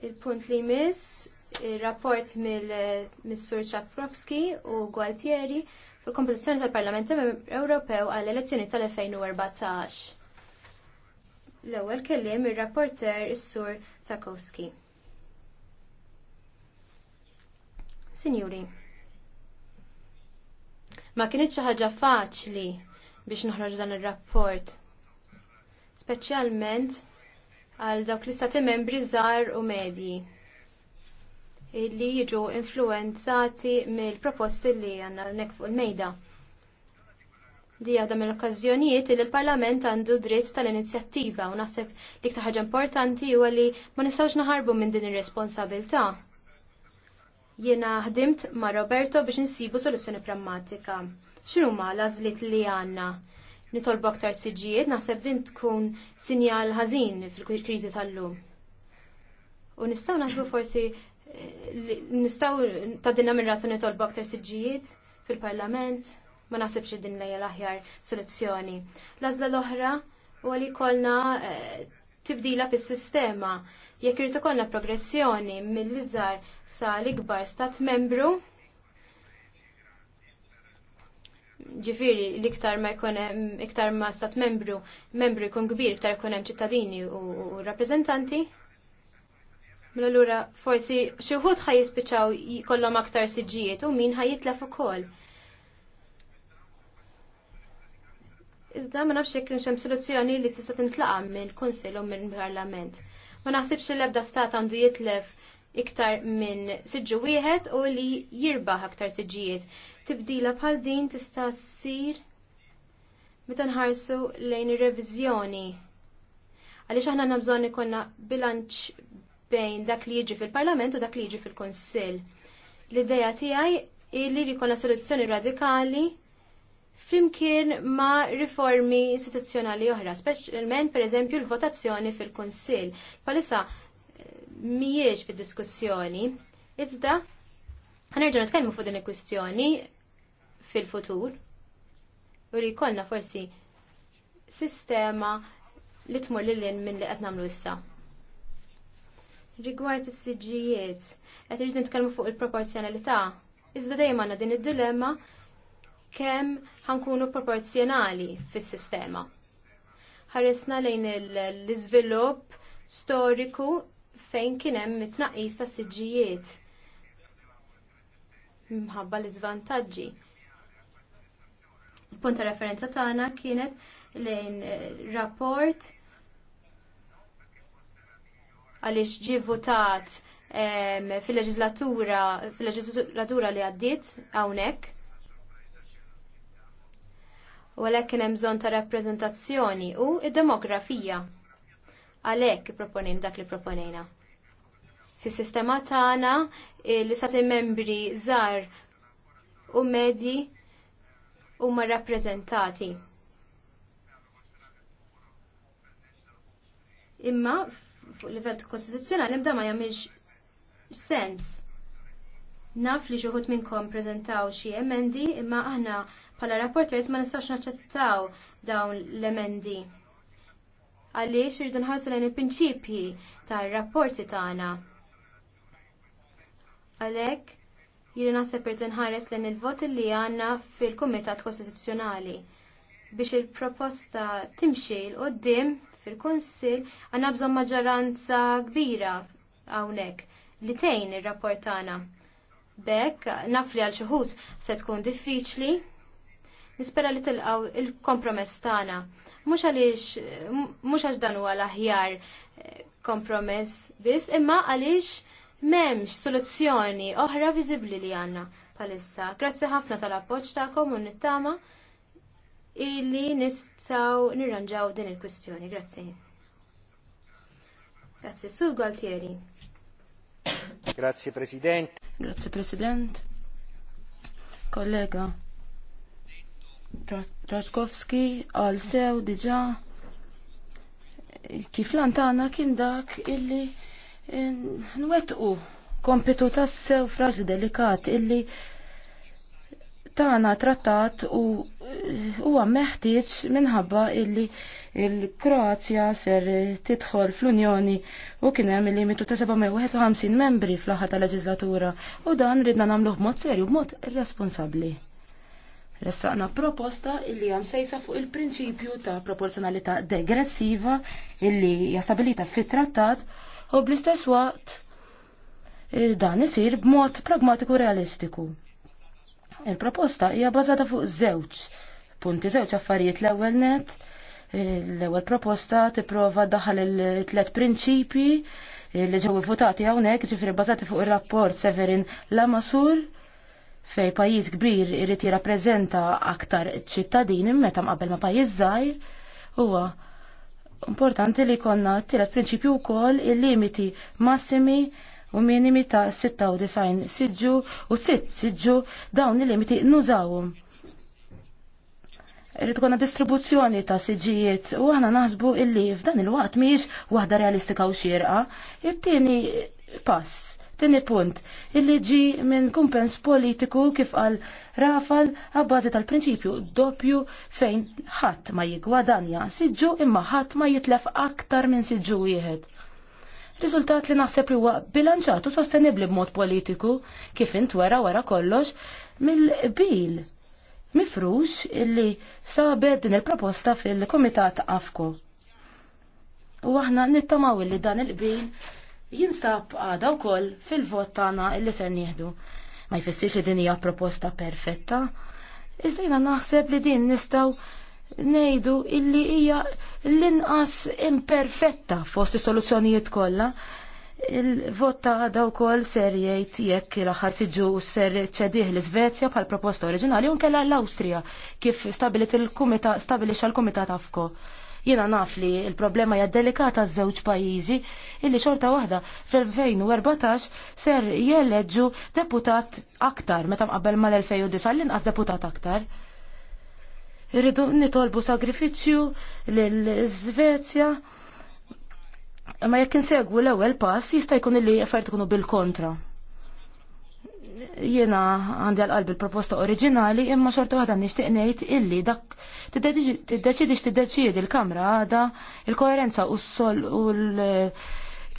Il-punt li miss, il-rapport mill-Missur Xafrovski u Gualtieri fil-kompożizzjoni tal-Parlament Ewropew għall-elezzjoni tal-2014. L-ewwel kelliem ir-rapporter is-Sur Zakowski. Sinjuri, ma kienet xi ħaġa faċli biex noħroġ dan ir-rapport. Speċjalment għal dawk l-istati membri żgħar u medji li jiġu influenzati mill-proposti li għandna nek fuq il-mejda. Di għadha mill okkażjonijiet li l-Parlament għandu dritt tal-inizjattiva u naħseb li ktar importanti huwa li ma nistgħux naħarbu minn din ir-responsabilità. Jiena ħdimt ma' Roberto biex insibu soluzzjoni prammatika. X'inhuma l-għażliet li għandna? nitolbu aktar siġijiet, naħseb din tkun sinjal ħażin fil-kriżi tal-lum. U nistgħu naħsbu forsi eh, nistgħu ta' dinna minn rasa nitolbu aktar siġijiet fil-Parlament, ma id din lejja l-aħjar soluzzjoni. L-għażla l-oħra u għalli kolna eh, tibdila fis-sistema. Jekk irid ikollna progressjoni mill-iżgħar sa l-ikbar stat membru, ġifiri l-iktar ma jkunem, iktar ma stat membru, membru jkun kbir, iktar jkunem ċittadini u, rappreżentanti? rappresentanti. Mela lura forsi xi wħud ħaj jispiċċaw jkollhom aktar siġijiet u min ħaj jitlef ukoll. Iżda ma nafx jekk hemm soluzzjoni li tista' tintlaqa minn kunsill u minn parlament. Ma naħsibx li l-ebda stat għandu jitlef iktar minn siġġu wieħed u li jirbaħ aktar siġġijiet. Tibdila bħal din tista' ssir meta nħarsu lejn ir-reviżjoni. Għaliex aħna għandna bżonn ikollna bilanċ bejn dak li jiġi fil-Parlament u dak li jiġi fil-Kunsill. L-idea tiegħi li jkollna soluzzjoni radikali flimkien ma riformi istituzzjonali oħra, speċjalment pereżempju l-votazzjoni fil-Kunsill. Palissa Mijiex fid-diskussjoni, iżda ħanerġa' nitkellmu fuq din il-kwistjoni fil-futur u li jkollna forsi sistema li tmur l-in minn li qed nagħmlu issa. Rigward is-siġijiet, qed irid nitkellmu fuq il-proporzjonalità, iżda dejjem għandna din id-dilemma kemm ħankunu proporzjonali fis-sistema. Ħaresna lejn l-iżvilupp storiku fejn kien hemm it-tnaqqis ta' siġġijiet minħabba l-iżvantaġġi. Punta referenza tagħna kienet lejn eh, rapport għaliex ġie votat ehm, fil-leġislatura fil-leġislatura li għaddiet hawnhekk. U għalhekk kien hemm bżonn ta' rappreżentazzjoni u id-demografija għalhekk proponin dak li proponina. Fis-sistema tagħna li stati membri żgħar u medji huma rappreżentati. Imma fuq livell kostituzzjonali mda ma jagħmilx sens. Naf li xuħut minnkom preżentaw xi emendi imma aħna bħala rapporters ma nistgħux naċċettaw dawn l-emendi għaliex irridu nħarsu lejn il-prinċipji tar-rapporti tagħna. Għalhekk jiri naħseb irdu nħares lejn il-vot li għandna fil-Kumitat Kostituzzjonali biex il-proposta timxi l dim fil-Kunsill għandna bżonn maġġoranza kbira hawnhekk li tgħin ir-rapport tagħna. Bekk nafli għal xi se tkun diffiċli. Nispera li tilqgħu il-kompromess tagħna mux għalix, għax dan huwa l-aħjar eh, kompromess biss, imma għaliex m'hemmx soluzzjoni oħra viżibbli li għandna bħalissa. Grazzi ħafna tal-appoġġ ta' u nittama illi nistgħu nirranġaw din il-kwistjoni. Grazzi. Grazzi, Sul Gualtieri. Grazie President. Grazie President. Kollega, Traskowski għal sew diġa kif lantana kien dak illi eh, nwettqu kompitu sew fraġli delikat illi tana trattat u eh, huwa meħtieġ minħabba illi il-Kroazja ser tidħol fl-Unjoni u kien hemm il-limitu ta' 751 membri fl-aħħar tal-leġislatura u dan ridna nagħmluh b'mod serju b'mod responsabbli. Ressaqna proposta illi għam sejsa fuq il-prinċipju ta' proporzjonalità degressiva illi jastabilita fit-trattat u bl-istess waqt eh, dan isir b'mod pragmatiku realistiku. Il-proposta hija bażata fuq żewġ punti żewġ affarijiet l-ewwel net, eh, l-ewwel proposta tipprova daħal il-tlet prinċipji eh, li ġew votati hawnhekk ġifieri bażati fuq ir-rapport Severin Lamasur. Masur fej pajjiż kbir irid jirrappreżenta aktar ċittadini meta mqabbel ma' pajjiż żgħir huwa importanti li konna tielet prinċipju wkoll il-limiti massimi u minimi ta' 96 siġġu u 6 siġġu dawn il-limiti nużawhom. Irrid konna distribuzzjoni ta' siġijiet u aħna naħsbu illi f'dan il-waqt mhijiex waħda realistika u xierqa. It-tieni pass Tini punt, illi ġi minn kumpens politiku kif għal rafal għabbażi tal-prinċipju doppju fejn ħadd ma jigwadanja siġġu imma ħadd ma jitlef aktar minn siġġu wieħed. Riżultat li naħseb li huwa bilanċat u sostenibli b'mod politiku kif int wera wara kollox mill-bil mifrux illi sabed din il-proposta fil-Komitat Afko. U aħna nittamaw illi dan il-bil jinstab għada wkoll fil-vot tagħna illi ser nieħdu. Ma jfessiex li din hija proposta perfetta. Iżda naħseb li din nistgħu ngħidu illi hija l-inqas imperfetta fost is-soluzzjonijiet kollha. Il-vot ta' għada wkoll ser jgħid jekk l-aħħar siġu ser ċedih l-Iżvezja bħal proposta oriġinali unkella l-Awstrija kif stabilit il-kumita stabilix għal-kumita tafko. Jiena naf li il-problema hija delikata żewġ pajjiżi illi xorta waħda fl-2014 ser jeleġġu deputat aktar meta mqabbel mal-2009 l-inqas deputat aktar. Irridu nitolbu sagrifiċċju lill-Svezja ma jekk insegwu l-ewwel pass jista' jkun illi affarijiet ikunu bil-kontra. Jiena għandi għal-qalbi l-proposta oriġinali imma xorta waħda nixtieq ngħid illi dak tiddeċidix tiddeċidi l-kamra għada il-koerenza u s-sol u l-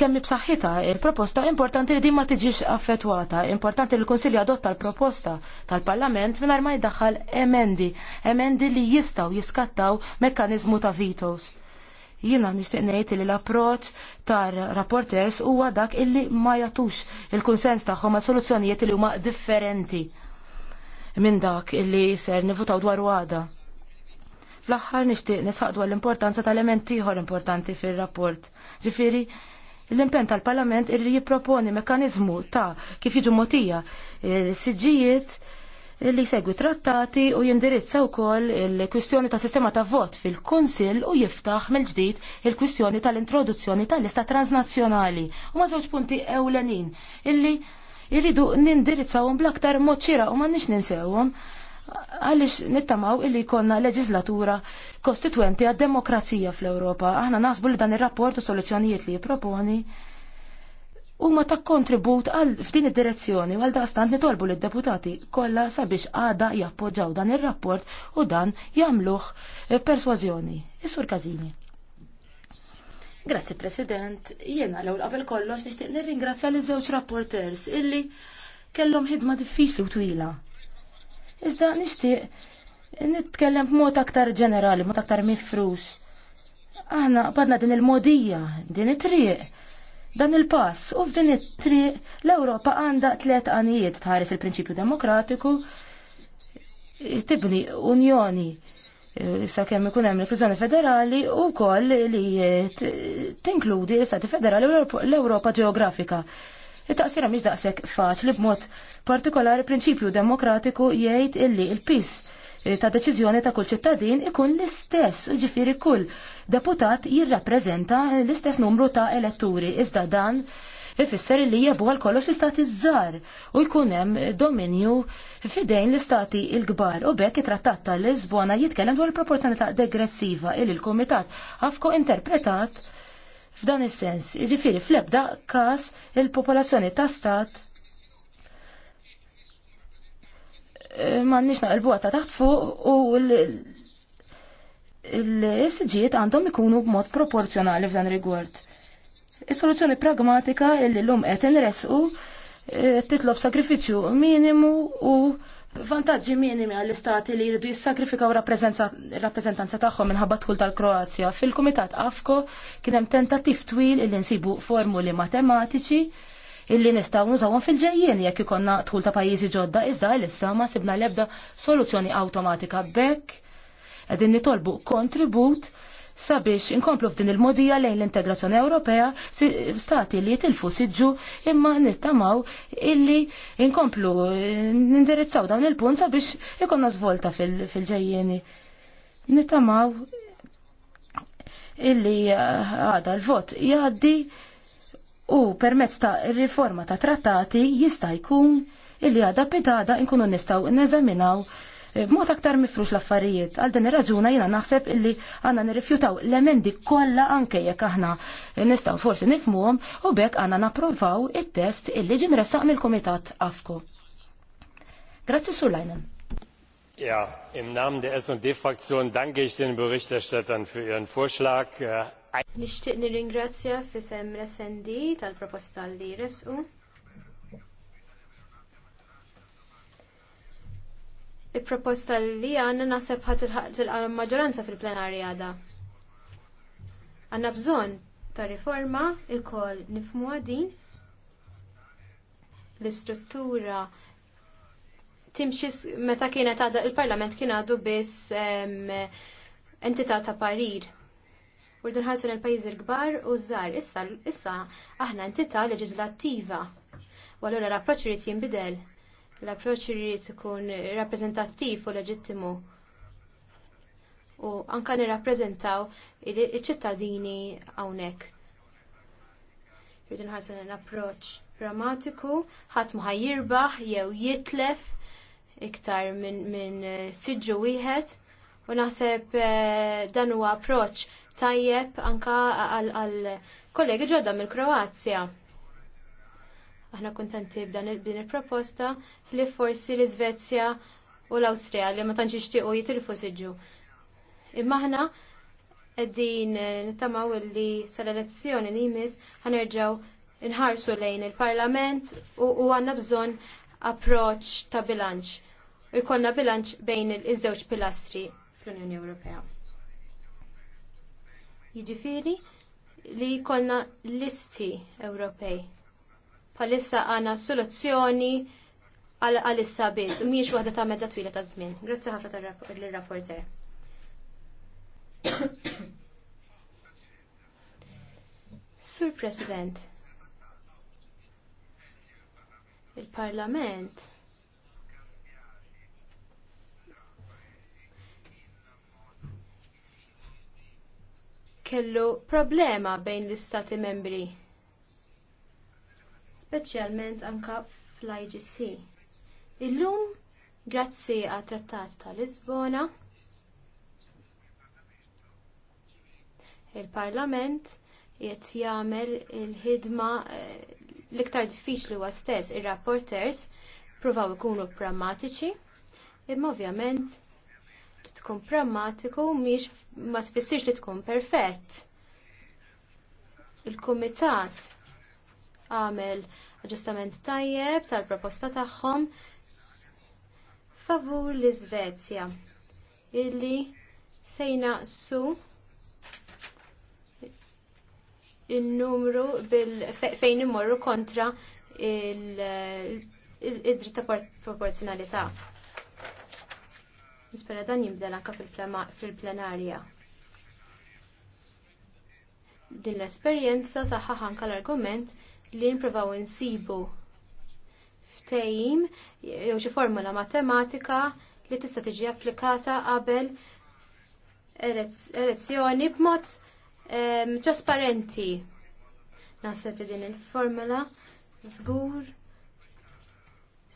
kemm b'saħħitha il-proposta importanti li din ma tiġix affettwata, importanti li l-Kunsilli adotta l-proposta tal-Parlament mingħajr ma jdaħħal emendi, emendi li jistgħu jiskattaw mekkaniżmu ta' vitos. Jiena nixtieq ngħid li l-approċċ tar rapporters huwa dak illi ma jagħtux il-kunsens tagħhom ma' soluzzjonijiet li huma differenti minn dak illi ser nivutaw dwar għada. Fl-aħħar nixtieq nisaq dwar l-importanza tal elementi ħor importanti fir-rapport. Ġifieri l-impen tal-Parlament irri jipproponi mekanizmu ta' kif jiġu motija eh, siġijiet li segwi trattati u jindirizza wkoll il-kwistjoni ta' sistema ta' vot fil-Kunsill u jiftaħ mill-ġdid il-kwistjoni tal-introduzzjoni tal-lista transnazzjonali u ma' żewġ punti ewlenin illi jridu nindirizzawhom bl-aktar mod ċira u m'għandniex ninsewhom għaliex nittamaw illi jkollna leġislatura kostitwenti għad-demokrazija fl-Ewropa. Aħna naħsbu li dan ir-rapport u soluzzjonijiet li jipproponi huma ta' kontribut għal f'din id-direzzjoni għal daqstant nitolbu lid deputati kollha sabiex għada jappoġġaw dan ir-rapport u dan jagħmluh eh, persważjoni. Is-Sur Każini. Grazzi President, jiena l-ewwel qabel kollox nixtieq nirringrazzja liż żewġ rapporters illi kellhom ħidma diffiċli u twila. Iżda nixtieq nitkellem b'mod aktar ġenerali, mod aktar mifrux. Aħna badna din il-modija, din it-triq dan il-pass u f'din it-triq l-Ewropa għandha tliet għanijiet tħares il-prinċipju demokratiku tibni unjoni eh, sakemm ikun hemm l-Inklużjoni Federali u wkoll li eh, tinkludi l-Istati Federali u l-Ewropa ġeografika. It-taqsira mhix daqshekk faċli b'mod partikolari prinċipju demokratiku jgħid illi l piss eh, ta' deċiżjoni ta' kull ċittadin ikun l-istess, ġifieri kull deputat jirrappreżenta l-istess numru ta' eletturi iżda dan ifisser li jebu għal kollox l-istati żżar u jkun hemm dominju fidejn l-istati l-kbar u bekk it-trattat ta' Lisbona jitkellem dwar il-proporzjonalità degressiva il il-Kumitat għafko interpretat f'dan is-sens. Jiġifieri fl-ebda każ il-popolazzjoni ta' stat eh, m'għandniex naqilbu ta' taħt fuq u il-SGiet għandhom ikunu b'mod proporzjonali f'dan rigward. Is-soluzzjoni pragmatika illi l-lum qed inresqu eh, titlob sakrifiċju minimu u vantaġġi minimi għall-istati li jridu jissakrifikaw rappreżentanza tagħhom minħabba tħul tal-Kroazja. Fil-Kumitat AFKO kien hemm tentattiv twil illi nsibu formuli matematiċi illi nistgħu nużawhom fil-ġejjien jekk ikonna tħul ta' pajjiżi ġodda iżda l-issa ma sibna l-ebda soluzzjoni awtomatika bekk Qegħdin nitolbu kontribut sabiex inkomplu f'din il-modija lejn l-integrazzjoni Ewropea stati li jitilfu siġu imma nittamaw illi inkomplu nindirizzaw dawn il-punt sabiex ikonna svolta fil-ġejjeni. Nittamaw illi eh, għada l-vot jgħaddi u permezz ta' riforma ta' trattati jista' jkun illi għada pitada nkunu nistaw neżaminaw Eh, Mod aktar mifrux l-affarijiet. Għal din ir-raġuna jiena naħseb illi għandna nirrifjutaw l-emendi kollha anke jekk aħna nistgħu forsi nifhmuhom u bekk għandna napprovaw it-test illi ġim ressaq mill-Kumitat Afko. Grazzi Sulajnen. Ja, im Namen der SD-Fraktion danke ich den Berichterstattern für ihren Vorschlag. Äh, Nixtieq nirringrazzja fisem l-SND tal-proposta li resqu. il-proposta li għanna nasib ħat il maġġoranza fil plenari għada. Għanna bżon ta' riforma il-kol nifmu din l-istruttura timxi meta kienet għada il-parlament kien għadu biss entità ta' parir. Urdu nħarsu nel-pajiz il gbar u zzar, issa issa aħna entità leġislattiva. U allura l-approċċ irid jinbidel L-approċ irrid ikun rappreżentattiv u leġittimu u anka nirrappreżentaw iċ-ċittadini hawnhekk. Rridu nħarsu l-approċ pragmatiku, ħadd ma ħajjirbaħ jew jitlef iktar minn siġu siġġu wieħed u naħseb eh, dan huwa approċ tajjeb anka għal kollegi ġodda mill-Kroazja. Aħna kuntenti b'dan il-proposta li forsi l-Iżvezja u l-Awstrija li ma tantx ixtiequ jitilfu siġu. Imma aħna qegħdin eh, nittamaw li sal-elezzjoni li jmiss ħanerġgħu nħarsu lejn il-Parlament u għandna bżonn approċċ ta' bilanċ. U jkollna bilanċ bejn iż-żewġ pilastri fl-Unjoni Ewropea. Jiġifieri li jkollna listi Ewropej bħalissa għandna soluzzjoni għalissa biss, mhijiex waħda ta' medda twila ta' żmien. Grazzi ħafna lir-rapporter. Sur President, il-Parlament kellu problema bejn l-istati membri speċjalment anka fl-IGC. Illum, grazzi għat trattat ta' Lisbona, il-Parlament jett jagħmel il-ħidma eh, l-iktar diffiċli huwa stess ir-rapporters provaw ikunu prammatiċi, imma ovvjament li tkun prammatiku mhix ma tfissirx li tkun perfett. Il-kumitat għamel aġġustament tajjeb tal-proposta tagħhom favur l-Iżvezja illi se jnaqsu il-numru fejn imorru kontra il-dritta proporzjonalità. Nispera dan jimbdel anka fil-plenarja. Din l-esperjenza saħħaħ anka l-argument li nipprovaw insibu ftehim jew xi formula matematika li tista' tiġi applikata qabel elezzjoni b'mod ehm, trasparenti. Naħseb li din il-formula żgur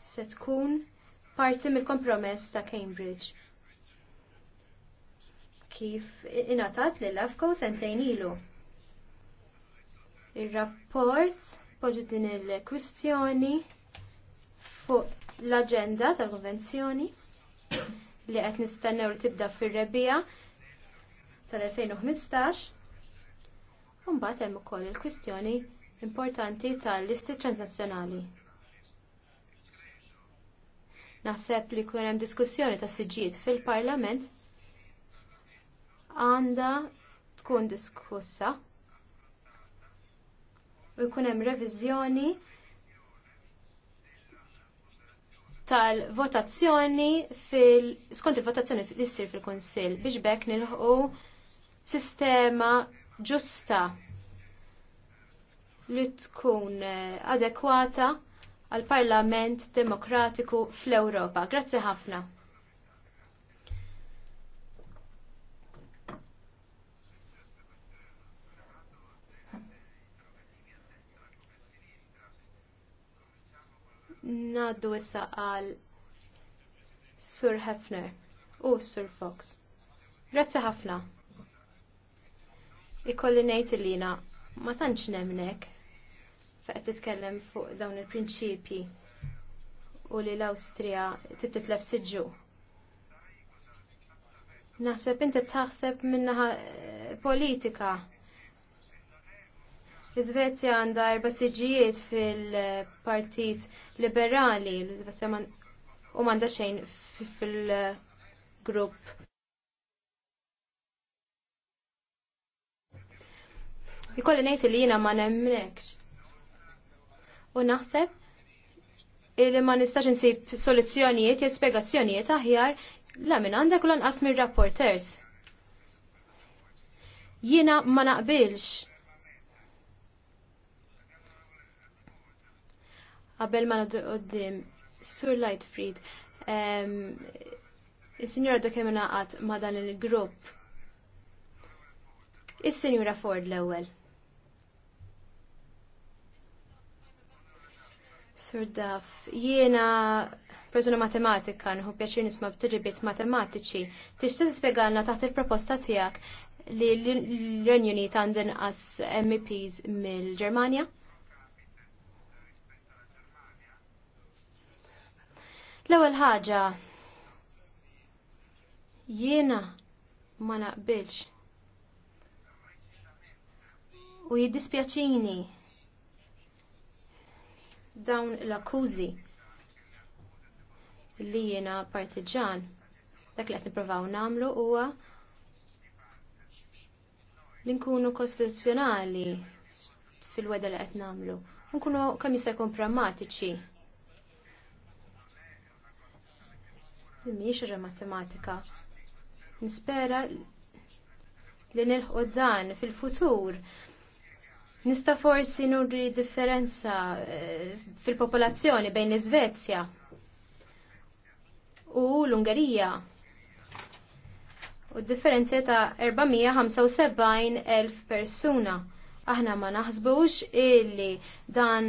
se tkun parti mill-kompromess ta' Cambridge. Kif ingħatat lil afkow sentejn ilu. Ir-rapport poġi din il-kwistjoni fuq l-agenda tal-konvenzjoni li qed nistennew li tibda fir-rebija tal-2015. Mbagħad hemm ukoll il-kwistjoni importanti tal-listi transnazzjonali. Naħseb li kun hemm diskussjoni ta' siġijiet fil-Parlament għandha tkun diskussa u jkun hemm reviżjoni tal-votazzjoni fil skont il-votazzjoni li ssir fil-Kunsill biex bekk nilħu sistema ġusta li tkun eh, adekwata għal Parlament Demokratiku fl-Ewropa. Grazzi ħafna. Naddu issa għal Sur Hefner u Sur Fox. Grazzi ħafna. Ikolli ngħid illina ma tantx nemnek fejn titkellem fuq dawn il-prinċipji u li l-Awstrija titlef siġġu. Naħseb inti taħseb minnaħa eh, politika Iżvezja għandha erba siġijiet fil-Partit Liberali, l iżvezja u m'għandha xejn fil-grupp. Ikolli ngħid li jiena ma nemmnekx. U naħseb li ma nistax insib soluzzjonijiet jew spjegazzjonijiet aħjar la minn għandek u lanqas mir-rapporters. Jiena ma naqbilx Qabel ma nadu għoddim, Sur Lightfried, il-Sinjora do kemm naqat ma dan il-grupp. Is-Sinjura Ford l-ewwel. Sur Daf, jiena persuna matematika, nħu pjaċir nisma b'tiġibiet matematiċi, tixtieq tispjegalna taħt il-proposta tiegħek li l renjoni tandin as MEPs mill-Ġermanja? L-ewwel ħaġa jiena ma naqbilx. U jiddispjaċini dawn l-akkużi li jiena partiġan. Dak li qed nippruvaw nagħmlu huwa li nkunu kostituzzjonali fil-weda li qed nagħmlu. Nkunu kemm jista' jkun prammatiċi. li mhijiex matematika. Nispera li nilħu dan fil-futur. Nista forsi nurri differenza eh, fil-popolazzjoni bejn l-Svezja u l-Ungerija. U d-differenza ta' 475.000 persuna. Aħna ma naħsbux illi dan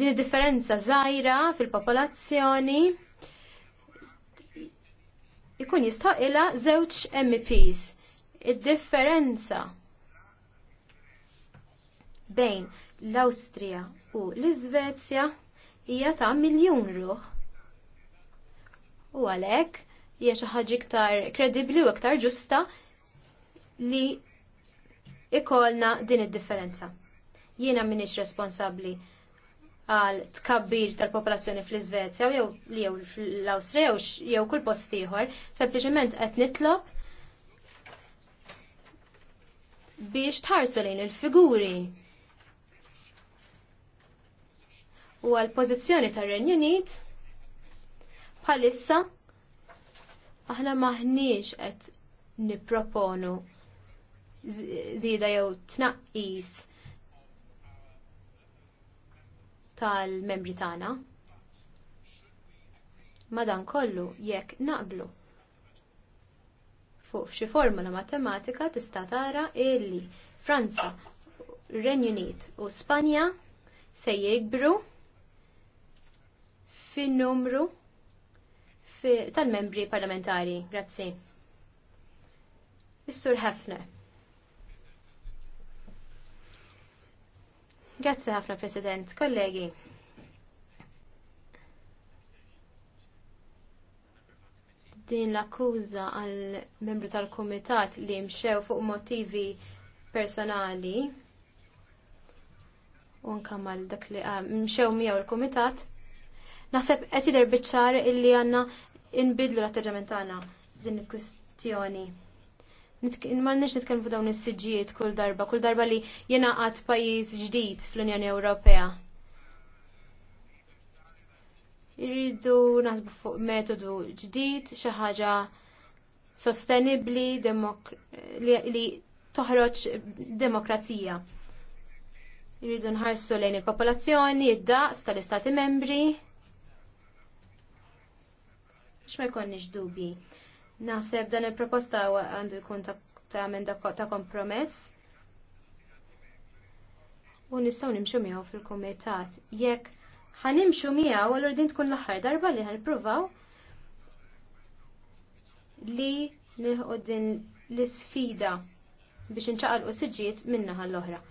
din differenza żgħira fil-popolazzjoni ikun jistħoq ila żewġ MEPs. Id-differenza bejn l-Awstrija u l-Iżvezja hija ta' miljun ruħ. U għalhekk hija xi ħaġa iktar kredibbli u iktar ġusta li ikolna din id-differenza. Jiena m'iniex responsabbli għal tkabbir tal-popolazzjoni fl-Iżvezja jew jew fl-Awstrija jew kull post ieħor, sempliċement qed nitlob biex tħarsu lejn il-figuri u għal pożizzjoni tar-Renju Unit bħalissa aħna maħniex qed nipproponu zida jew tnaqqis tal-membri tagħna. Madankollu jekk naqblu fuq xi formula matematika tista' tara illi Franza, Renju Unit u Spanja se jikbru fin-numru tal-membri parlamentari. Grazzi. Is-Sur Hefner. Grazzi ħafna President, kollegi. Din l-akkuża għal membru tal-Kumitat li mxew fuq motivi personali unka mal dak li ah, mxew miegħu l-Kumitat. Naħseb qed jidher biċ-ċar illi għandna inbidlu l-atteġġament tagħna din il-kwistjoni. Malnex nitkellmu dawn is-siġijiet kull darba, kull darba li jenaqat pajjiż ġdid fl-Unjoni Ewropea. Irridu naħsbu fuq metodu ġdid, xi ħaġa sostenibbli li toħroġ demokrazija. Irridu nħarsu lejn il-popolazzjoni, id-daqs tal-istati membri, X'ma jkollniex dubji. Naħseb dan il-proposta għandu jkun ta' emenda ta' kompromess. U nistgħu nimxu miegħu fil-kumitat. Jekk ħanimxu miegħu allura din tkun l-aħħar darba li ħanipruvaw li nilħu din l-isfida biex u siġiet minnaħa l-oħra.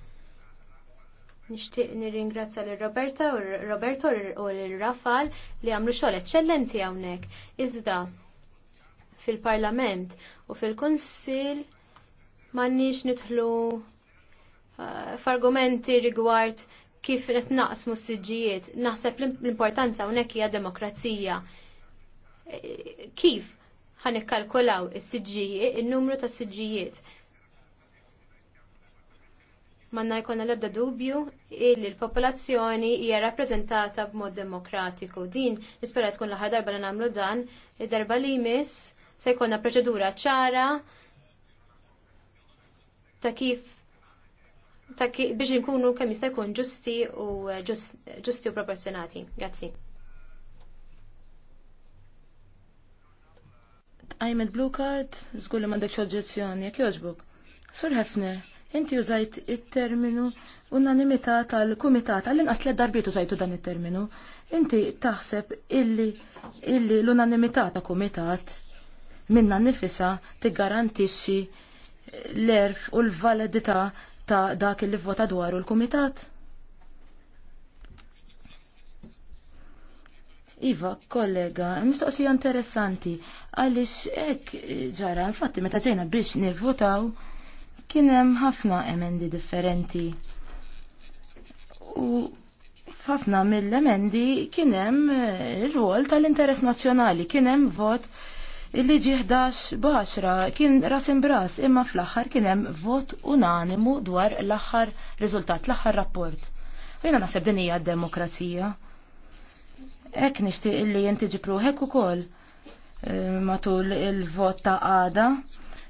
Nixtieq nirringrazzja lil Roberta u Roberto u l-Rafal li għamlu xogħol eċċellenti hawnhekk. Iżda fil-Parlament u fil-Kunsil m'għandniex nidħlu uh, f'argumenti rigward kif qed naqsmu s-siġijiet. Naħseb l-importanza hawnhekk hija demokrazija. Kif ħan ikkalkulaw is-siġijiet, in-numru ta' siġijiet manna jkonna ebda dubju illi l-popolazzjoni hija rappreżentata b'mod demokratiku. Din nispera tkun l-aħħar darba li nagħmlu dan, id-darba li jmiss se jkollna proċedura ċara ta' kif ta' kif biex nkunu kemm jista' jkun ġusti u eh, ġusti u proporzjonati. Grazzi. Għajmet blue card, zgulli mandek xoġġezzjoni, jek joġbuk. Sur Hefner, inti użajt il-terminu unanimità tal-kumitat, għallin qas darbiet użajtu dan il-terminu. Inti taħseb illi, illi l-unanimità ta' kumitat minna nifisa tiggarantixxi l-erf u l-validità ta' dak li vvota dwaru l-Kumitat. Iva, kollega, mistoqsija interessanti, għalix ek ġara, infatti meta ġejna biex nivvotaw, kienem ħafna emendi differenti. U ħafna mill-emendi kienem il-rol eh, tal-interess nazjonali, kienem vot Il-liġi 11 baxra kien ras imbras imma fl-aħħar kien hemm vot unanimu dwar l-aħħar riżultat, l-aħħar rapport. Jiena naħseb din hija d-demokrazija. Hekk nixtieq illi jintiġi hekk ukoll eh, matul il-vot ta' għada.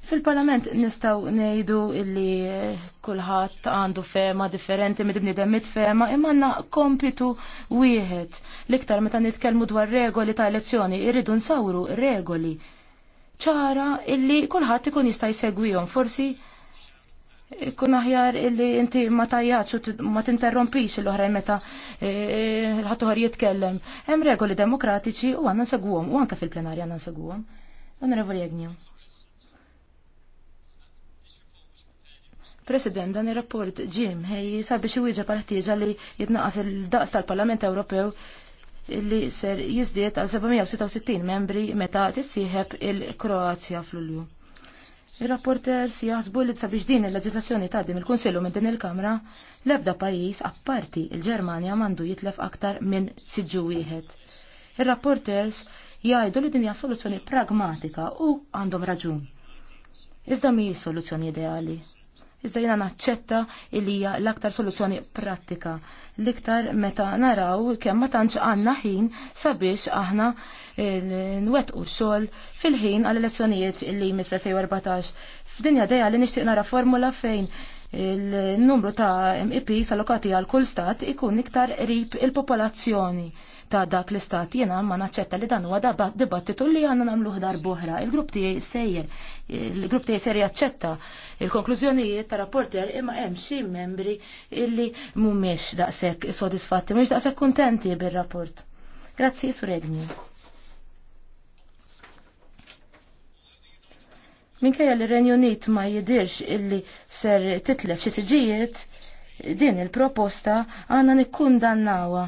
Fil-parlament nistaw nejdu illi eh, kullħat għandu fema differenti mid bnidem mitfema imma għanna kompitu wieħed. L-iktar meta nitkellmu dwar regoli ta' elezzjoni irridu nsawru regoli ċara illi kullħat ikun jista' jsegwihom forsi ikun aħjar illi inti ma tajjaċ u ma tinterrompix l-oħrajn meta eh, l-ħattuħar jitkellem. Hemm regoli demokratiċi u għandna nsegwhom u anke fil-plenarja għanna nsegwhom. Onorevoli Agnew. President, dan il-rapport ġim, hej, sabiex iwieġa pal li jitnaqas il-daqs tal-Parlament Ewropew li ser jizdiet għal 766 membri meta tissieħeb il-Kroazja fl-Ulju. Il-rapporters jaħsbu li sabiex din il-leġislazzjoni dim il konsillu minn din il-Kamra l-ebda pajjiż apparti il-Ġermanja mandu jitlef aktar minn siġu wieħed. Il-rapporters jgħidu li din hija soluzzjoni pragmatika u għandhom raġun. Iżda mi soluzzjoni ideali. Iżda jina naċċetta li hija l-aktar soluzzjoni prattika. L-iktar meta naraw kemm ma tantx għandna ħin sabiex aħna eh, nwettqu xogħol fil-ħin għall elezzjonijiet li mis 2014. F'dinja dejja li nixtieq nara formula fejn il-numru ta' MEP salokati għal kull stat ikun iktar rib il-popolazzjoni ta' dak l-istat jena ma naċċetta li dan huwa dibattitu li għanna namluħ dar boħra. Il-grupp tiegħi sejjer, il-grupp tiegħi sejjer jaċċetta il-konklużjonijiet ta' rapporter imma hemm xi membri illi mhumiex daqshekk sodisfatti, mhumiex daqshekk kuntenti bir-rapport. Grazzi, Suregni. Minkejja li Renjonit Unit ma jidirx illi ser titlef xi siġijiet, din il-proposta għandna nikkundannawa.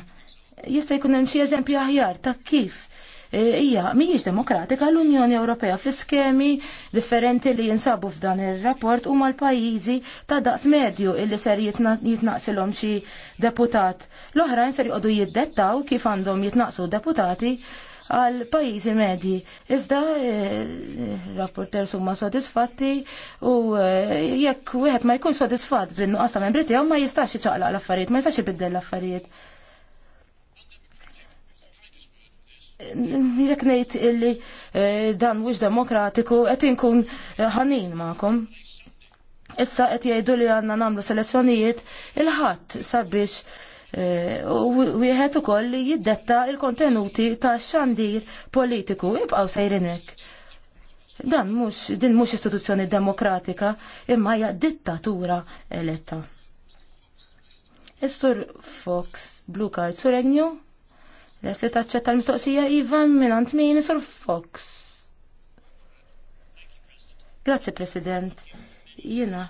Jista' jkun hemm xi eżempji aħjar ta' kif e, hija mhijiex demokratika l-Unjoni Ewropea fi skemi differenti li jinsabu f'dan ir-rapport huma l-pajjiżi ta' daqs medju illi ser jitnaqsilhom xi deputat. L-oħrajn ser jqogħdu jiddettaw kif għandhom jitnaqsu deputati għal pajjiżi medji. Iżda eh, rapporter summa sodisfatti u eh, jekk wieħed ma jkun sodisfatt bin-nuqqas ta' membri tiegħu ma jistax iċaqlaq l-affarijiet, ma jistax ibiddel l-affarijiet. Jekk ngħid illi eh, dan mhux demokratiku qed inkun ħanin magħkom. Issa qed jgħidu li għandna nagħmlu selezzjonijiet il-ħadd sabiex Eh, u wieħed ukoll li jiddetta il-kontenuti ta' xandir politiku jibqgħu sejrinek. Dan mhux din mhux istituzzjoni demokratika imma hija dittatura eletta. Istur Fox, Blue Card, Sur Egnu, les li taċċetta l-mistoqsija Iva minant min Istur Fox. Grazzi President, jina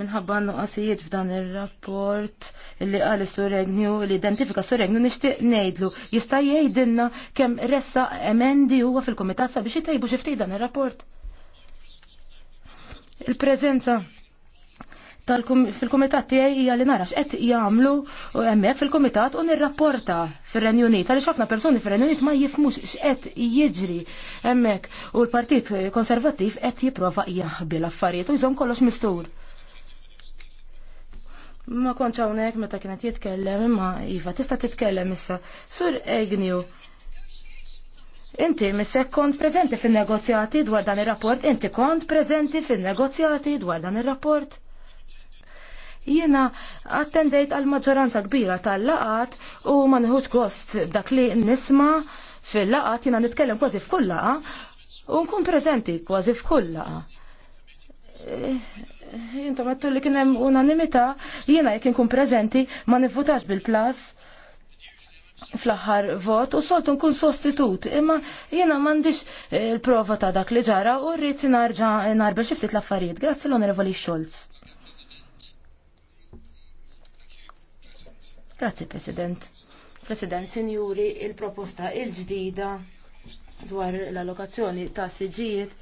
minħabba nuqqasijiet f'dan ir-rapport li qal is-suregnu li identifika suregnu nixtieq ngħidlu jista' jgħidilna kemm ressa emendi huwa fil-kumitat sabiex jitejbu xi ftit dan ir-rapport. Il-preżenza fil-kumitat tiegħi hija li narax qed jagħmlu hemmhekk fil-kumitat u nirrapporta fir-Renju Unit għaliex ħafna persuni fir-Renju ma jifmux x'qed jiġri hemmhekk u l-Partit Konservattiv qed jipprova jaħbi l-affarijiet u jżomm kollox mistur. Ma konċ hawnhekk meta kienet jitkellem imma iva tista' titkellem issa. Sur Egnew. Inti missek kont preżenti fin-negozjati dwar dan ir-rapport, inti kont preżenti fin-negozjati dwar dan ir-rapport. Jiena attendejt għal maġġoranza kbira tal-laqat u ma nħuġ gost dak li nisma fil-laqat jiena nitkellem kważi f'kull laqa u nkun preżenti kważi f'kull laqa eh, Jintom, għattu li kienem unanimita, jiena jek nkun prezenti ma nifvutax bil-plas fl-aħħar vot u soltu nkun sostitut, imma jiena m'għandix eh, il-prova ta' dak li ġara u rrit narġa' narbe xi ftit l-affarijiet. Grazzi l-Onorevoli Scholz. Grazzi President. President, sinjuri, il-proposta il-ġdida dwar l-allokazzjoni ta' siġijiet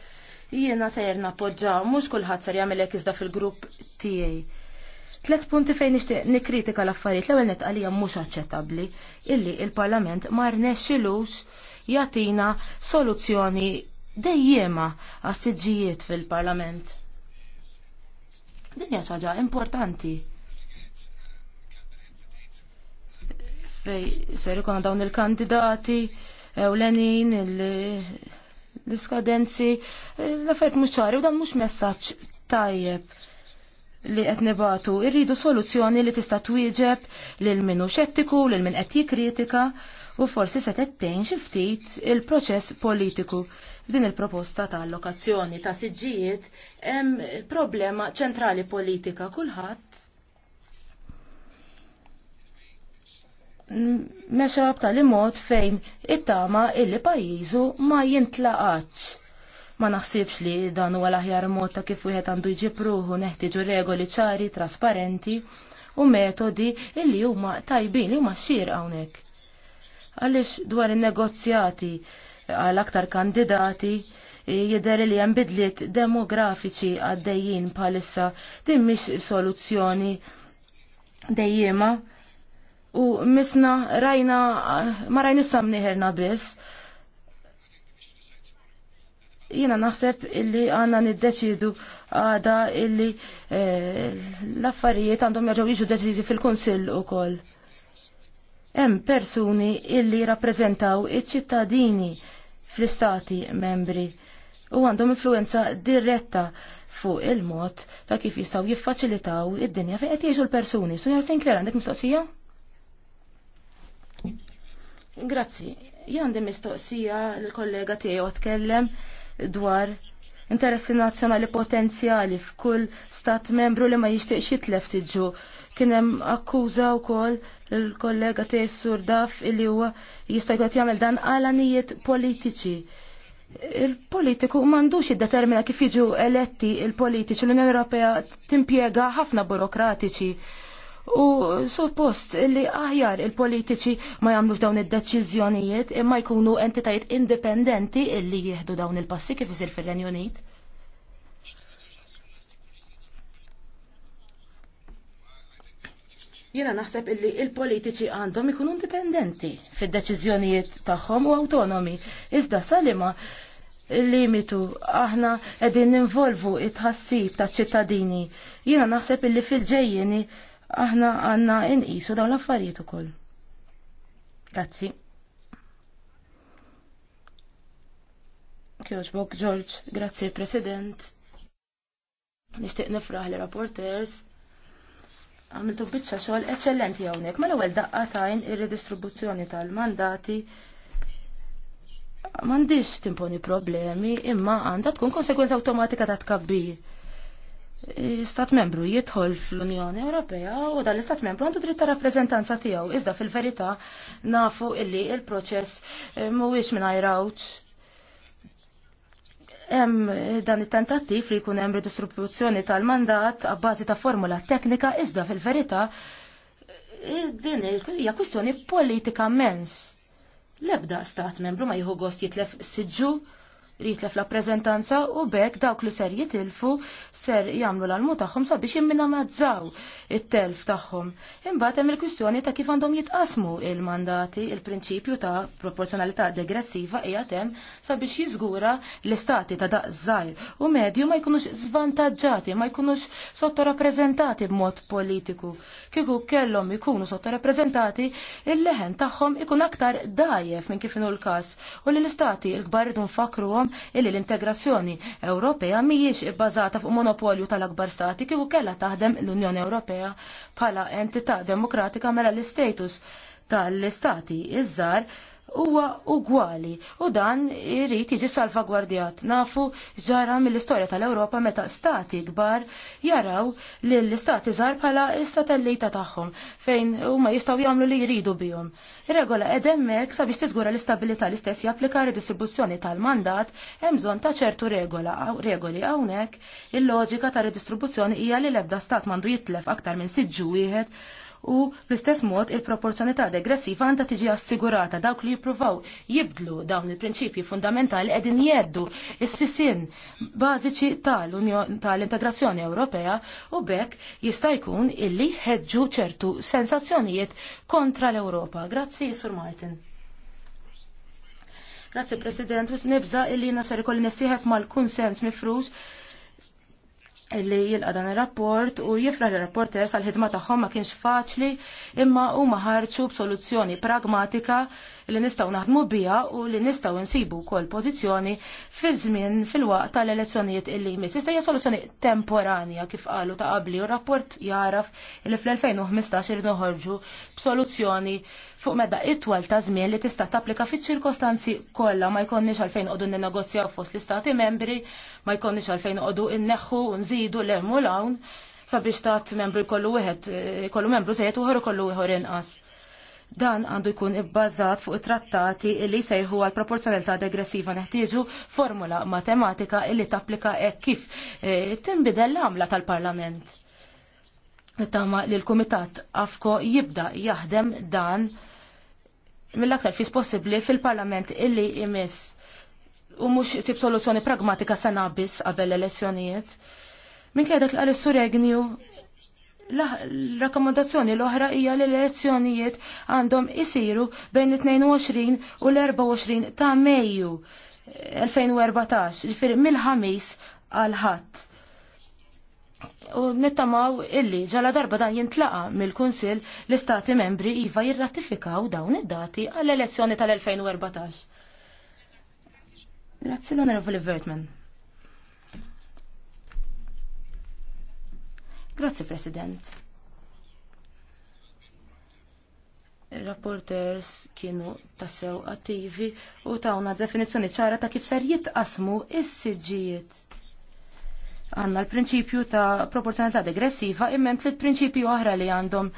jiena sejjer napoġġa mhux kullħat ser jagħmel hekk iżda fil-grupp tiegħi. Tlet punti fejn nixtieq nikkritika l-affarijiet l-ewwel għalija mhux aċċettabbli illi il-Parlament ma rnexxilux jagħtina soluzzjoni dejjema għas-siġġijiet fil-Parlament. Din hija ħaġa importanti. Fej ser ikun dawn il-kandidati ewlenin il- l-iskadenzi, l-affarijiet mhux ċari u dan mhux messaġġ tajjeb li qed nibatu. Irridu soluzzjoni li tista' twieġeb lil minu xettiku, lil min qed jikkritika u forsi se tettejn xi ftit il-proċess politiku. F'din il-proposta ta' allokazzjoni ta' siġġijiet hemm problema ċentrali politika kulħadd meċa b'tali mod fejn it-tama illi pajizu ma jintlaqatx. Ma naħsibx li dan huwa l-aħjar mod ta' kif wieħed għandu jġib neħtieġu regoli ċari, trasparenti u metodi illi huma tajbin li huma xxir hawnhekk. Għaliex dwar in-negozjati għal aktar kandidati eh, jidher li hemm bidliet demografiċi għaddejjin bħalissa din mhix soluzzjoni dejjema u misna rajna ma rajna samniħerna biss. Jiena naħseb illi għandna niddeċidu għada illi eh, l-affarijiet għandhom jaġaw jiġu deċiżi fil-Kunsill ukoll. Hemm persuni illi rappreżentaw iċ-ċittadini fl-istati membri u għandhom influenza diretta fuq il-mod ta' kif jistgħu jiffaċilitaw id-dinja fejn qed jgħixu l-persuni. Sunjar Sinclair għandek mistoqsija? Grazzi. Jien għandi mistoqsija l-kollega u tkellem dwar interessi nazzjonali potenzjali f'kull stat membru li ma jixtieqx jitlef tiġu. Kien hemm akkuża wkoll il-kollega tiegħi sur daf illi huwa jista' jkun jagħmel dan għalanijiet politiċi. Il-politiku m'għandux jiddetermina kif jiġu eletti il-politiċi l-Unjoni Ewropea timpjega ħafna burokratiċi U suppost li aħjar il-politiċi ma jagħmlux dawn id-deċiżjonijiet imma jkunu entitajiet indipendenti illi jieħdu dawn il-passi kif isir fil renju Unit. Jiena naħseb illi il-politiċi għandhom ikunu indipendenti fid-deċiżjonijiet tagħhom u awtonomi. Iżda salima limitu aħna qegħdin ninvolvu it-ħassib taċ-ċittadini. Jiena naħseb illi fil-ġejjeni aħna għanna inqisu dawn l-affarijiet ukoll. Grazzi. Bok George, grazzi President. Nishtiq nifraħ li rapporters. Għamiltu bicċa xogħol eċċellenti hawnhekk. Mela ewwel daqqatajn ir-redistribuzzjoni tal-mandati m'għandix timponi problemi imma għandha tkun konsekwenza awtomatika ta' tkabbi stat membru jidħol fl-Unjoni Ewropea u dan l-istat membru għandu dritt ta' rappreżentanza tiegħu. Iżda fil-verità nafu illi il-proċess eh, mhuwiex mingħajr hemm eh, dan it-tentattiv li jkun hemm redistribuzzjoni tal-mandat għabbażi ta' formula teknika iżda fil-verità eh, din hija kwistjoni politika mens. L-ebda stat membru ma jieħu gost jitlef siġġu jitlef la prezentanza u bekk dawk li ser jitilfu ser jagħmlu l-almu tagħhom sabiex jimminamazzaw it-telf tagħhom. Imbagħad hemm il-kwistjoni ta' kif għandhom jitqasmu il-mandati, il-prinċipju ta' proporzjonalità degressiva hija hemm sabiex jiżgura l-istati ta' daq żgħir u medju ma jkunux zvantaġġati, ma jkunux sottorappreżentati b'mod politiku. Kieku kellhom ikunu sottorappreżentati, il-leħen tagħhom ikun aktar dajef minn kif inhu l-każ u l-istati l-kbar idu nfakruhom illi l-integrazzjoni Ewropea mhijiex ibbażata fuq monopolju tal-akbar stati kieku kellha taħdem l-Unjoni Ewropea bħala entità demokratika mela l-istatus tal-istati iż-żar huwa ugwali u dan irid jiġi salvagwardjat. Nafu ġara mill-istorja tal-Ewropa meta stati kbar jaraw li l-istati żgħar bħala s-satellita tagħhom fejn huma jistgħu jagħmlu li jridu bihom. Regola qed hemmhekk sabiex tiżgura l-istabilità l-istess japplika redistribuzzjoni tal-mandat hemm bżonn ta' ċertu regola regoli hawnhekk il-loġika ta' redistribuzzjoni hija li l-ebda stat mandu jitlef aktar minn siġġu wieħed u fl istess mod il-proporzjonità degressiva għandha tiġi assigurata dawk li jippruvaw jibdlu dawn il-prinċipji fundamentali qegħdin jeddu s sisin bażiċi tal-integrazzjoni Ewropea u bekk jista' jkun illi ħeġġu ċertu sensazzjonijiet kontra l-Ewropa. Grazzi, Sur Martin. Grazie President, wis nibza illi nasar ikolli nessieħeb mal-kunsens mifrux li jilqa dan ir-rapport u jifra l rapporters għal ħidma tagħhom ma kienx faċli imma huma b b'soluzzjoni pragmatika li nistgħu naħdmu biha u li nistgħu nsibu wkoll pożizzjoni fil-żmien fil-waqt tal-elezzjonijiet illi jmiss. Issa soluzzjoni temporanja kif qalu ta' qabli u rapport jaraf li fl-2015 noħorġu b'soluzzjoni fuq it itwal ta' żmien li tista' tapplika fiċ-ċirkostanzi kollha ma jkollniex għalfejn qogħdu ninnegozjaw fost l-istati membri, ma jkollniex għalfejn qogħdu inneħħu u nżidu l-hemm u l-hawn sabiex tat membru kollu wieħed eh, kollu membru sejt uħor kollu wieħor inqas. Dan għandu jkun ibbażat fuq trattati li sejħu għal proporzjonalità degressiva neħtieġu formula matematika li tapplika hekk kif timbidel eh, tinbidel l-għamla tal-Parlament. Tama li l-Kumitat Afko jibda jaħdem dan mill-aktar fis possibbli fil-Parlament illi jmiss u mux sib soluzzjoni pragmatika sena biss qabel l-elezzjonijiet. Minn kħedek l-għal-sur Egnew l-rakkomandazzjoni l-oħra hija li l-elezzjonijiet għandhom isiru bejn 22 u l-24 ta' Mejju 2014, ġifieri mill-ħamis għal ħadd. U nittamaw illi ġala darba dan jintlaqa mill-Kunsill l-Istati membri iva jirratifikaw dawn id-dati għall-elezzjoni tal-2014. Grazzi l-Onorevoli Vertman. Grazzi, President. Rapporters kienu tassew attivi u tawna definizzjoni ċara ta' kif ser jitqasmu is-siġġijiet. Għanna l-prinċipju ta' proporzjonalità degressiva imment li l-prinċipju oħra li għandhom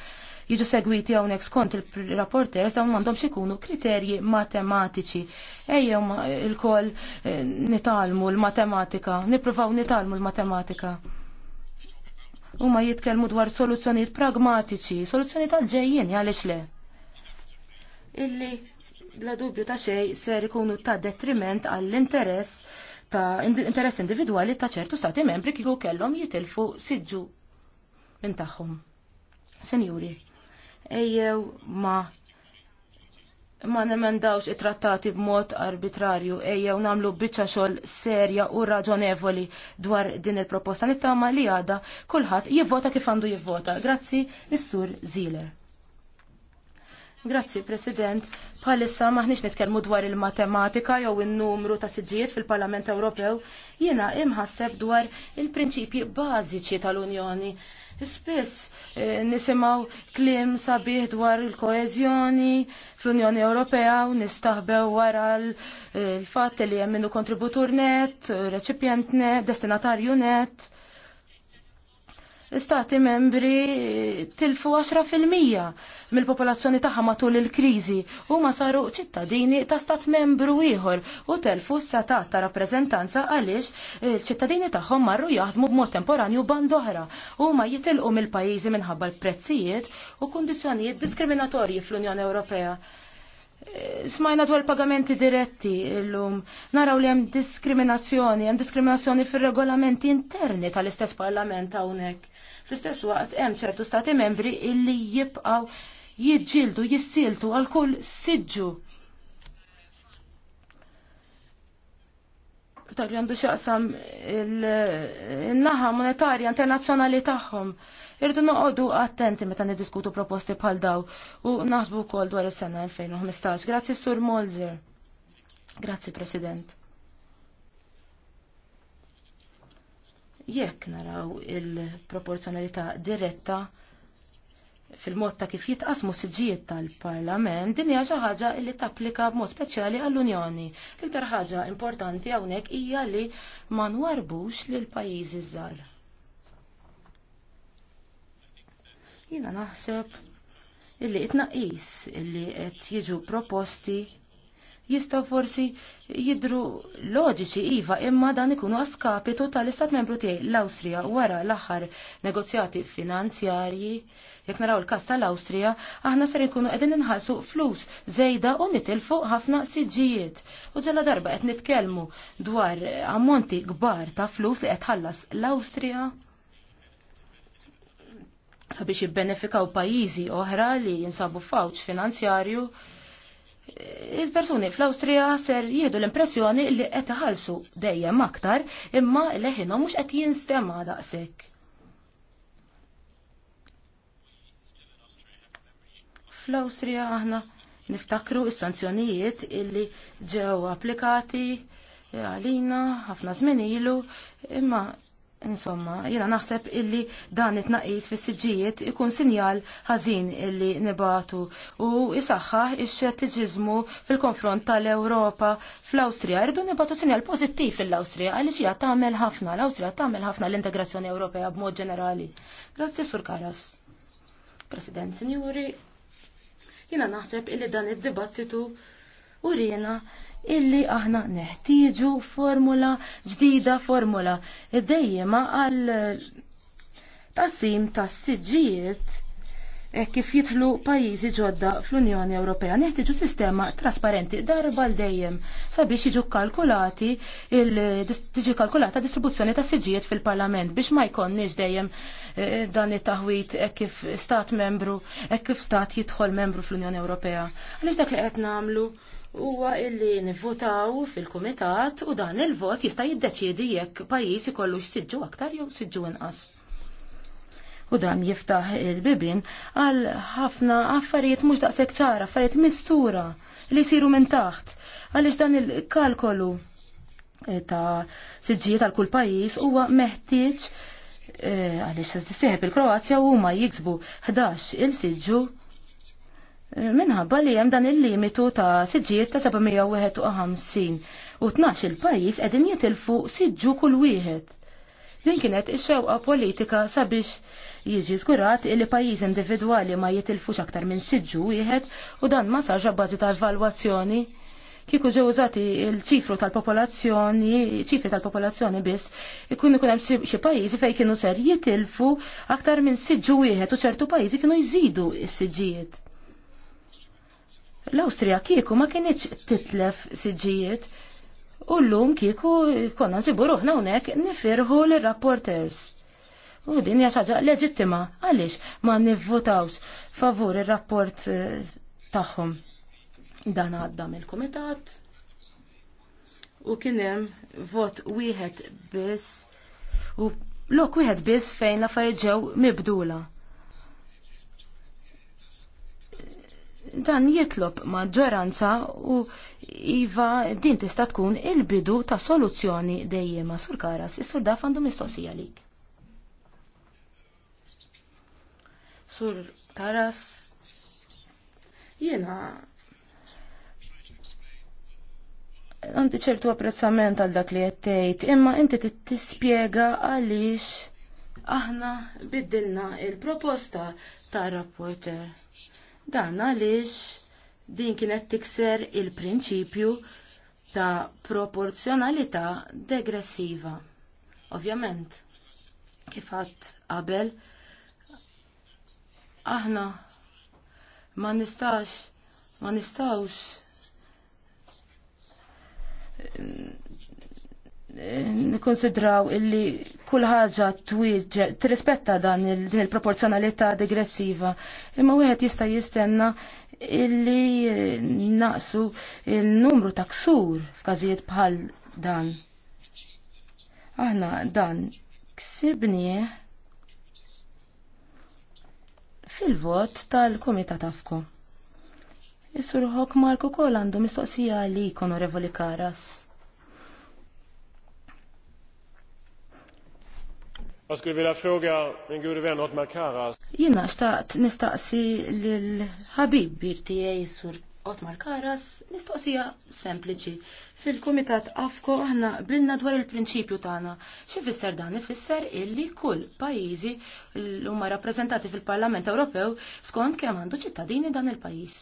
jiġu segwiti hawnhekk skont il-rapporters dawn m'għandhomx ikunu kriterji matematiċi. Ejjew il kol eh, nitalmu l-matematika, nippruvaw nitalmu l-matematika huma jitkellmu dwar soluzzjonijiet pragmatiċi, soluzzjonijiet tal ġejjin għaliex le. Illi bla dubju ta' xejn ser ikunu ta' detriment għall-interess ta' interess individwali ta' ċertu stati membri kieku kellhom jitilfu siġġu minn tagħhom. Senjuri, ejjew ma' ma nemendawx it-trattati b'mod arbitrarju ejjew namlu biċċa xogħol serja u raġonevoli dwar din il-proposta nittama li għada kulħadd jivvota kif għandu jivvota. Grazzi Nissur Ziller. Zieler. Grazzi, President. Bħalissa maħniex nitkellmu dwar il-matematika jew il numru ta' siġijiet fil-Parlament Ewropew, jiena imħasseb dwar il-prinċipji bażiċi tal-Unjoni Spiss eh, nisimaw klim sabiħ dwar il-koezjoni fl-Unjoni Ewropea u nistaħbew wara eh, l-fatt li jemminu kontributur net, eh, reċipjent net, destinatarju net stati membri tilfu 10% mill-popolazzjoni tagħha matul il-kriżi u ma saru ċittadini ta' stat membru ieħor u telfu s-satat ta' rappreżentanza għaliex il-ċittadini tagħhom marru jaħdmu b'mod temporanju band oħra u ma jitilqu mill-pajjiżi minħabba l-prezzijiet u kundizzjonijiet diskriminatorji fl-Unjoni Ewropea. Smajna dwar pagamenti diretti l-lum. Naraw li hemm diskriminazzjoni, hemm diskriminazzjoni fir-regolamenti interni tal-istess parlament hawnhekk. Fl-istess waqt hemm ċertu stati membri illi jibqgħu jiġġieldu jissiltu għal kull siġġu. Dak li għandu xaqsam il-naħa monetarja internazzjonali tagħhom. Irdu noqogħdu attenti meta niddiskutu proposti bħal daw u naħsbu wkoll dwar is-sena 2015. Grazzi Sur Molzer. Grazzi President. jekk naraw il-proporzjonalità diretta fil-mod ta' kif jitqasmu siġijiet tal-Parlament, din hija xi ħaġa li tapplika b'mod speċjali għall-Unjoni. L-iktar ħaġa importanti hawnhekk hija li ma nwarbux lil pajjiżi żgħar. Jiena naħseb illi t-tnaqqis illi qed jiġu proposti jistaw forsi jidru loġiċi iva imma dan ikunu askapitu tal-istat membru tiegħi l-Awstrija wara l-aħħar negozjati finanzjarji. Jekk naraw il-kas tal-Awstrija, aħna ser ikunu qegħdin inħallsu flus żejda u nitilfu ħafna siġijiet. U ġella darba qed nitkellmu dwar ammonti kbar ta' flus li qed ħallas l-Awstrija sabiex jibbenefikaw pajjiżi oħra li jinsabu fawċ finanzjarju il-persuni fl-Awstrija ser jihdu l-impressjoni li qed iħallsu dejjem aktar imma leħinhom mhux qed jinstema' daqshekk. Fl-Awstrija aħna niftakru s sanzjonijiet illi ġew applikati għalina ħafna żmien ilu imma Insomma, jiena naħseb illi dan it-naqis fis siġijiet ikun sinjal ħażin illi nibatu u jisaxħaħ il xettiġiżmu fil-konfront tal-Ewropa fl-Awstrija. Irdu nibatu sinjal pożittiv fil-Awstrija għaliex hija tagħmel ħafna, l-Awstrija tagħmel ħafna l-integrazzjoni Ewropea b'mod ġenerali. Grazzi Sur Karas. President signori, jiena naħseb illi dan id-dibattitu urina illi aħna neħtieġu formula ġdida formula dejjema għal tassim tas siġġijiet e, kif jidħlu pajjiżi ġodda fl-Unjoni Ewropea. Neħtieġu sistema trasparenti darba l dejjem sabiex jiġu kalkulati tiġi kalkulata distribuzzjoni ta' siġijiet fil-Parlament biex ma jkonniex dejjem e, dan it-taħwit e, kif stat membru, kif stat jidħol membru fl-Unjoni Ewropea. Għaliex dak li qed nagħmlu huwa illi nivvotaw fil-kumitat u dan il-vot jista' jiddeċiedi jekk pajjiż ikollu x'siġġu aktar jew siġġu inqas. U dan jiftaħ il-bibin għal ħafna affarijiet mhux daqshekk ċara, affarijiet mistura li jsiru minn taħt. Għaliex dan il-kalkolu eh, ta' siġġijiet għal kull pajjiż huwa meħtieġ eh, għaliex se tissieħeb il-Kroazja huma jiksbu 11 il-siġġu Eh, minħabba li hemm dan il-limitu ta' siġijiet ta' 751 u 12 il-pajjiż qegħdin jitilfu siġu kull wieħed. Din kienet ix-xewqa politika sabiex jiġi żgurat li pajjiż individwali ma jitilfux aktar minn siġġu wieħed u dan ma sarx bażi ta' evalwazzjoni kieku ġew użati l-ċifru tal-popolazzjoni, ċifri tal-popolazzjoni biss, ikun ikun hemm xi pajjiżi fejn kienu ser jitilfu aktar minn siġġu wieħed u ċertu pajjiżi kienu jżidu s-siġġijiet. L-Awstrija kieku ma kienieċ titlef siġijiet u l-lum kieku konna nsibu ruħna unek nifirħu l-rapporters. U din hija leġittima għaliex ma nivvotawx favur ir-rapport eh, tagħhom. Dan għaddam mill-kumitat u kien hemm vot wieħed biss u lok wieħed biss fejn l-affarijiet ġew mibdula. dan jitlob maġġoranza u iva din tista' tkun il-bidu ta' soluzzjoni dejjema sur karas is-sur daf għandu mistoqsija lik. Sur karas jiena għandi ċertu apprezzament għal dak li jettejt, imma inti tispiega għalix aħna biddilna il-proposta ta' rapporter. Dan għaliex din kienet tikser il-prinċipju ta' proporzjonalità degressiva. Ovvjament, kif qabel, aħna ma nistax ma nistawx nikonsidraw illi kull ħaġa twieġe tirrispetta dan il-proporzjonalità digressiva. Imma wieħed jista' jistenna illi naqsu il-numru ta' ksur f'każijiet bħal dan. Aħna dan ksibnieh fil-vot tal-Komitat Afko. Is-sur Hokmark ukoll għandu mistoqsija li kon Onorevoli Karas. Jag skulle vilja fråga min gode vän Otmar Karas. Jina xtaqt nistaqsi l-ħabib birtijaj sur Otmar Karas nistaqsija sempliċi. Fil-Kumitat Afko aħna bilna dwar il-prinċipju tagħna. Xi fisser dan ifisser illi kull pajjiżi l huma rappreżentati fil-Parlament Ewropew skont kemm għandu ċittadini dan il-pajjiż.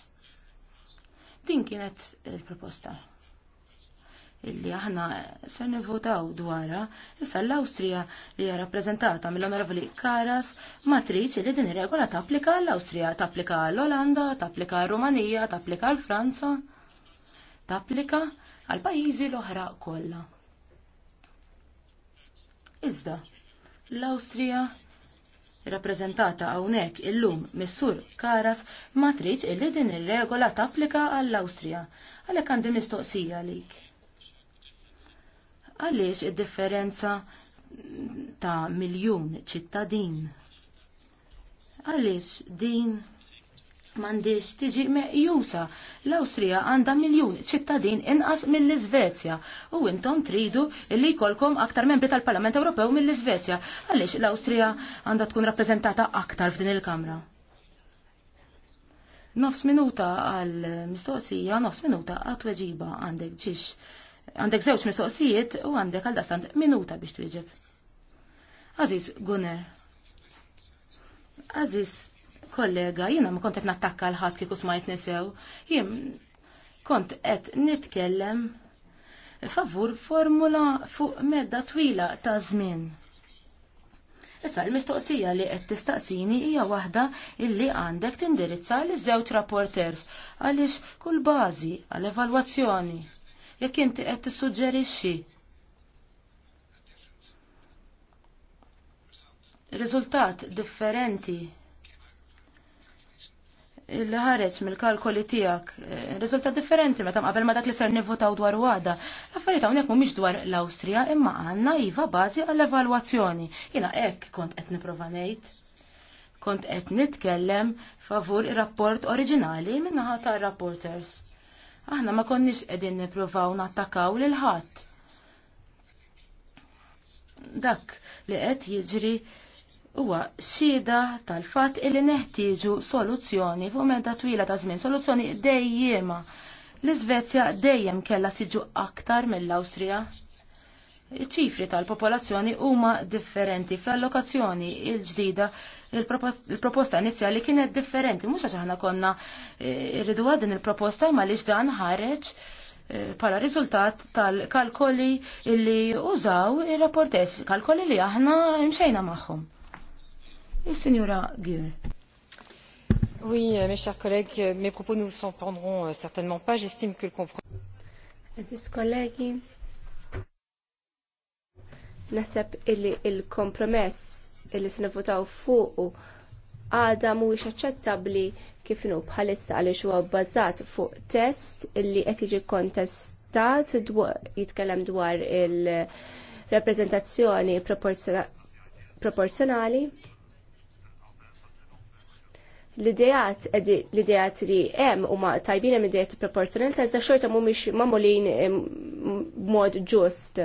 Din kienet il-proposta illi aħna se nivvotaw dwarha, issa l-Awstrija li hija rappreżentata mill-Onorevoli Karas ma tridx li din ir-regola tapplika l-Awstrija, tapplika l-Olanda, tapplika r-Rumanija, tapplika l-Franza, tapplika għal pajjiżi l-oħra kollha. Iżda, l-Awstrija rappreżentata hawnhekk illum mis-sur Karas ma tridx illi din ir-regola tapplika għall-Awstrija. Għalhekk għandi mistoqsija għalik. Għaliex id-differenza ta' miljun ċittadin. Għaliex din mandiġ tiġi meqjusa. L-Awstrija għandha miljun ċittadin inqas mill-Iżvezja u intom tridu li jkollkom aktar membri tal-Parlament Ewropew mill-Iżvezja. Għaliex l-Awstrija għandha tkun rappreżentata aktar f'din il-Kamra. Nofs minuta għal mistoqsija, nofs minuta għat weġiba għandek ġiex għandek żewġ mistoqsijiet u għandek għal dastant minuta biex twieġeb. Aziz Gunner. Aziz kollega, jiena ma kont qed nattakka l ħadd kieku smajt nisew. Jim, kont qed nitkellem favur formula fuq medda twila ta' żmien. Issa l-mistoqsija li qed tistaqsini hija waħda illi għandek tindirizza l żewġ rapporters għaliex kull bażi għall-evalwazzjoni jekk inti qed tissuġġerixxi riżultat differenti li ħareġ mill-kalkoli tiegħek, eh, riżultat differenti meta qabel ma dak li ser nivvotaw dwar għada. L-affarijiet hawnhekk mhumiex dwar l-Awstrija imma għandna iva bażi għall-evalwazzjoni. Jiena hekk kont qed nipprova ngħid. Kont qed nitkellem favur ir-rapport oriġinali min-naħa tar-rapporters. Aħna ma konniex qegħdin nippruvaw nattakaw lil ħadd. Dak li qed jiġri huwa xhieda tal-fatt li neħtieġu soluzzjoni fuq meta twila ta' żmien, soluzzjoni dejjema. L-Iżvezja dejjem kellha siġu aktar mill-Awstrija ċifri tal-popolazzjoni huma differenti fl-allokazzjoni il-ġdida il-proposta inizjali kienet differenti mhux għax aħna konna eh, rridu għadin il-proposta imma għaliex dan ħareġ pala eh, riżultat tal-kalkoli li użaw ir-rapportess, kalkoli li aħna mxejna magħhom. Is-Sinjura Gjur. Oui, euh, mes chers collègues, euh, mes propos ne vous surprendront euh, certainement pas. J'estime que le compromis. Aziz collègues, Naħseb illi il-kompromess illi se nivvotaw fuqu għada mhuwiex aċċettabbli kif inhu bħalissa għaliex huwa bbażat fuq test illi qed jiġi kontestat jitkellem dwar il-rappreżentazzjoni proporzjonali l-idejat l-idejat li hemm huma tajbin hemm idejat proporzjonalità iżda xorta mhumiex magħmulin b'mod ġust.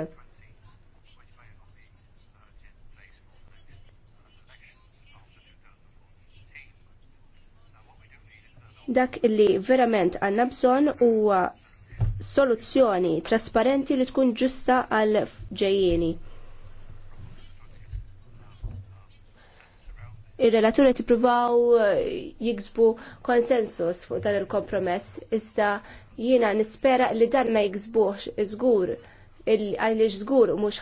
Dak illi verament għandna bżonn huwa soluzzjoni trasparenti li tkun ġusta għal ġejjeni. Ir-relaturi tippruvaw eh, jiksbu konsensus fuq dan il-kompromess, iżda jiena nispera li dan ma jiksbuħx żgur għaliex żgur mhux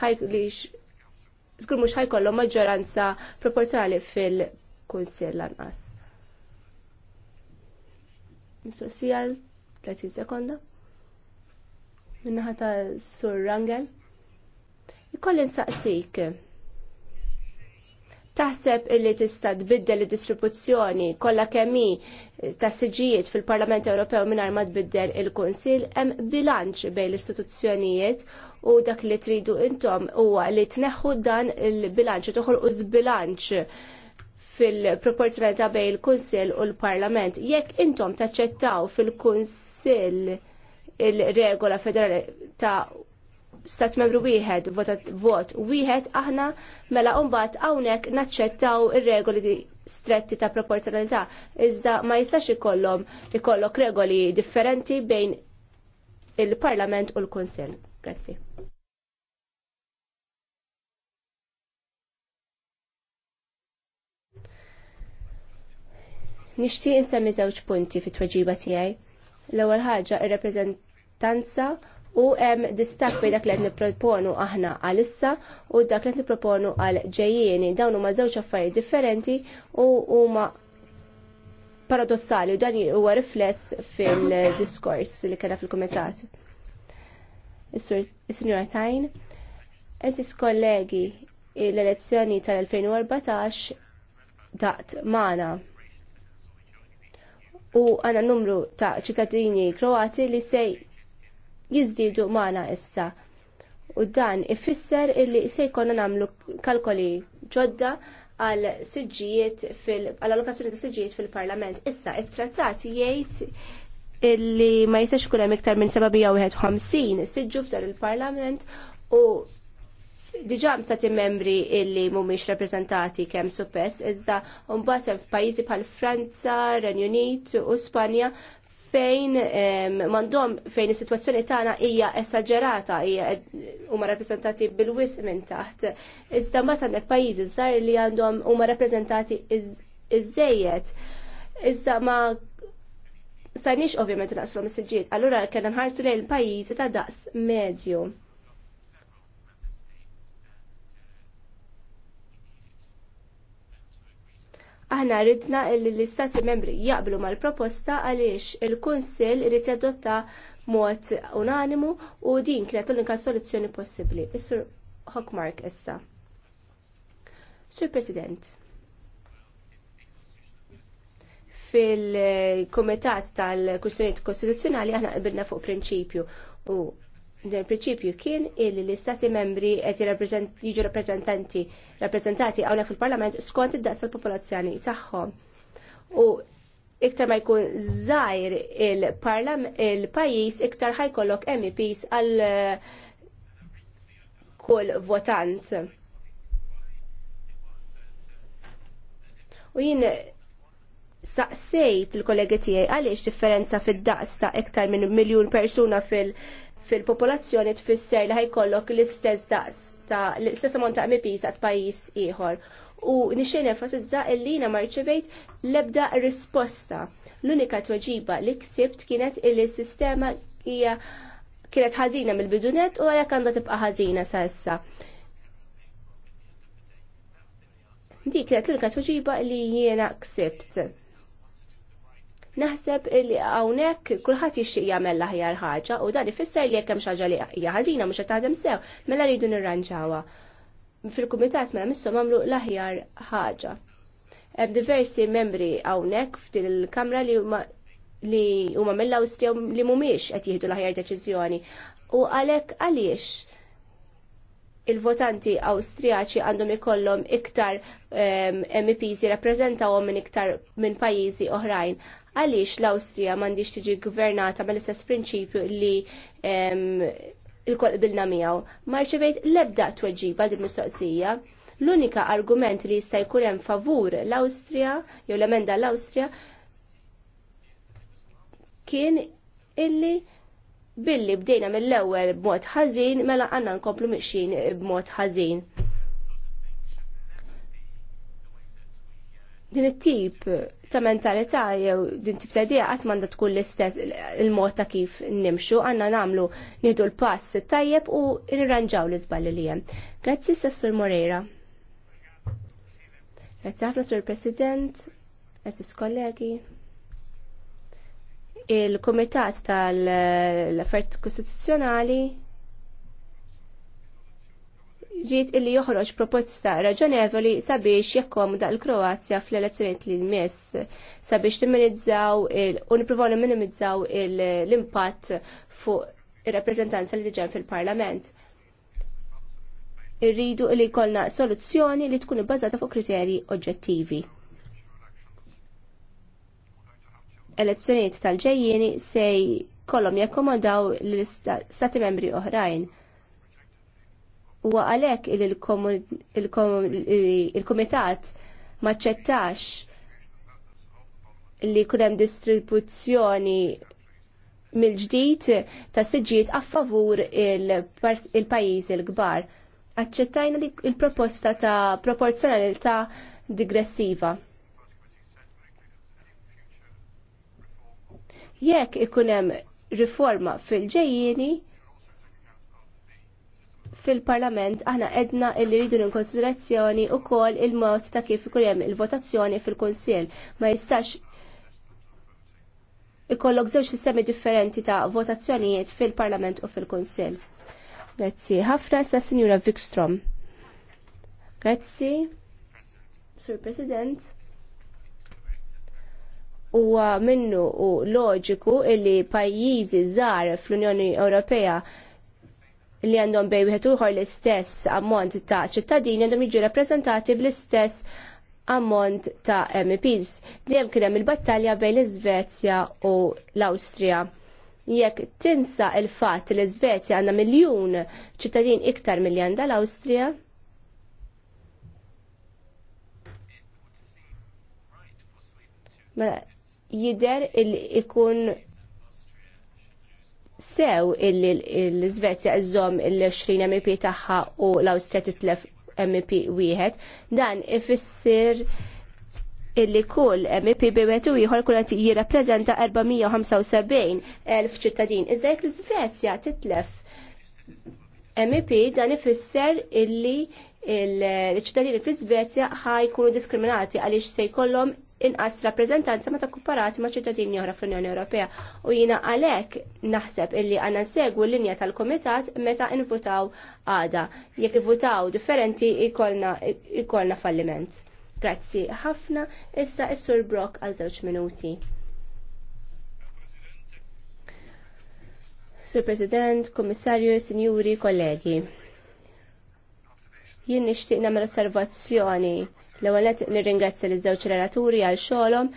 ħajkollhom maġġoranza proporzjonali fil-Kunsill lanqas mistoqsija għal 30 sekonda. Minnaħa ta' Sur Rangel. Ikolli nsaqsik. Taħseb illi tista' tbiddel id-distribuzzjoni kollha kemm hi ta' siġijiet fil-Parlament Ewropew mingħajr ma tbiddel il-Kunsill hemm bilanċ bejn l-istituzzjonijiet u dak li tridu intom huwa li tneħħu dan il-bilanċ, u toħolqu żbilanċ fil-proporzjonalità bejn il-Kunsill u l-Parlament. Jekk intom taċċettaw fil-Kunsill il-regola federali ta' stat membru wieħed vot wieħed aħna mela mbagħad hawnhekk naċċettaw ir-regoli stretti ta' proporzjonalità. Iżda ma jistax ikollhom ikollok regoli differenti bejn il-Parlament u l-Kunsill. Grazzi. Nixtieq insemmi żewġ punti fit-tweġiba tiegħi. L-ewwel ħaġa ir-rappreżentanza u hemm distakk bejn dak li qed nipproponu aħna għalissa u dak li qed nipproponu għal ġejjieni. Dawn huma żewġ affarijiet differenti u huma paradossali u dan huwa rifless fil-diskors li kellha fil-kumitat. is sinjura Tajn, eżis kollegi l-elezzjoni tal-2014 daqt magħna u għana numru ta' ċittadini kroati li se jizdidu maħna issa. U dan ifisser illi se jkollna namlu kalkoli ġodda għal siġijiet fil allokazzjoni ta' siġijiet fil-Parlament. Issa, il trattat jgħid illi ma jistax ikun iktar minn 751 siġġu f'dar il-Parlament u diġa mstati membri illi mumiex rappresentati kemm supess, iżda mbagħad hemm f'pajjiżi bħal Franza, Renju Unit u Spanja fejn mandom fejn is-sitwazzjoni tagħna hija esaġerata hija huma rappreżentati bil-wis minn taħt. Iżda mbagħad għandek pajjiżi żgħar li għandhom huma rappreżentati iż-żejjed. Iżda ma sanix ovvjament naqslhom is-siġġiet, allura kellna nħartu lejn pajjiżi ta' daqs medju. Aħna ridna li l-Istati membri jaqblu mal-proposta għaliex il-Kunsill irid jadotta mod unanimu u din kienet l unika soluzzjoni possibbli. Is-Sur Hockmark issa. Sur President, fil kumitat tal-Kwistjonijiet Kostituzzjonali aħna qbilna fuq prinċipju u il prinċipju kien illi l-istati membri qed jiġu rappreżentanti rappreżentati hawnhekk fil-Parlament skont id-daqs tal-popolazzjoni tagħhom. U iktar ma jkun żgħir il-pajjiż iktar ħajkollok MEPs għal eh, kull votant. U jien saqsejt il-kollegi tiegħi għaliex differenza fid-daqs ta' iktar minn miljun persuna fil- fil-popolazzjoni tfisser li ħajkollok l-istess daqs ta' l-istess ammont ta' MPs għat pajjiż ieħor. U nixxejn enfasizza illi jiena marċivejt l-ebda risposta. L-unika tweġiba li ksibt kienet il s-sistema hija kienet ħażina mill-bidunet u għalhekk għandha tibqa' ħażina sa issa. Dik kienet l-unika tweġiba li jiena ksibt. Naħseb li hawnhekk kulħadd jixtieq jagħmel l-aħjar ħaġa u dan ifisser li hemm xi ħaġa li hija ħażina mhux qed taħdem sew, mela rridu nirranġawha. Fil-kumitat mela missu għamlu l-aħjar ħaġa. Hemm diversi membri hawnhekk f'din il-kamra li huma li huma mill-Awstrija li mhumiex qed jieħdu l-aħjar deċiżjoni. U għalhekk għaliex il-votanti Awstrijaċi għandhom ikollhom iktar MEPs ehm, jirrappreżentawhom minn iktar minn pajjiżi oħrajn għaliex l-Awstrija m'għandix tiġi gvernata mal istess prinċipju li il kolbilna miegħu. Marċevejt l-ebda tweġiba din mistoqsija l-unika argument li jista' jkun hemm favur l-Awstrija jew l-emenda l-Awstrija kien illi billi bdejna mill-ewwel b'mod ħażin mela għandna nkomplu mixin b'mod ħażin. Din it-tip ta' mentalità jew din tip ta' qatt m'għandha tkun l-istess il-mod ta' kif nimxu, għandna nagħmlu nieħdu l-pass tajjeb u nirranġaw l iżball li hemm. Grazzi Sessur Moreira. Grazzi ħafna Sur President, Aziz kollegi. Il-Kumitat tal-Affert Kostituzzjonali rrit illi joħroġ proposta raġonevoli sabiex jakkomoda l-Kroazja fl-elezzjoniet li l mess sabiex timinizzaw u niprofaw minimizzaw l-impatt fuq ir-rappreżentanza li diġen fil-Parlament. Irridu li jkollna soluzzjoni li tkun ibbażata fuq kriterji oġġettivi. Elezzjonijiet tal-ġejjieni se kollhom jakkomodaw l-stati membri oħrajn. U għalhekk il-Kumitat maċċettax li kunem hemm distribuzzjoni mill-ġdid ta' siġġiet il favur il-pajjiżi l-kbar. Aċċettajna il-proposta ta' proporzjonalità digressiva. Jekk ikun hemm riforma fil ġejjini fil-Parlament aħna edna illi rridu n-konsiderazzjoni u kol il-mod ta' kif ikun hemm il-votazzjoni fil-Kunsill. Ma jistax ikollok żewġ sistemi differenti ta' votazzjonijiet fil-Parlament u fil-Kunsill. Grazzi. Ħafna sa' Sinjura Vikstrom. Grazzi, Sur President. Huwa minnu u loġiku illi pajjiżi żgħar fl-Unjoni Ewropea li għandhom bej wieħed uħor l-istess ammont ta' ċittadini għandhom jiġu rappreżentati bl-istess ammont ta' MEPs. Dejjem kien hemm il-battalja bejn l-Iżvezja u l-Awstrija. Jekk tinsa il-fatt l-Iżvezja għandha miljun ċittadin iktar milli għandha l-Awstrija, jider il-ikun sew illi l-Svezja iżom il-20 MP tagħha u l austria titlef MP wieħed, dan ifisser illi kull MP bimetu ieħor kull qed jirrappreżenta 475 elf ċittadin. Iżda jekk l-Svezja titlef MP dan ifisser illi il-ċittadini fl-Svezja ħajkunu diskriminati għaliex se jkollhom inqas rappreżentanza meta komparati ma' ċittadini oħra fl-Unjoni Ewropea. U jina għalhekk naħseb illi għandna nsegwu l-linja tal-Kumitat meta nvutaw għada. Jekk nvutaw differenti jkollna falliment. Grazzi ħafna, issa is-Sur Brock għal żewġ minuti. Sur President, Kommissarju, Sinjuri, kollegi. Jien nixtieq nagħmel osservazzjoni. L-ewwel qed nirringrazzja liż-żewġ relaturi għal xogħolhom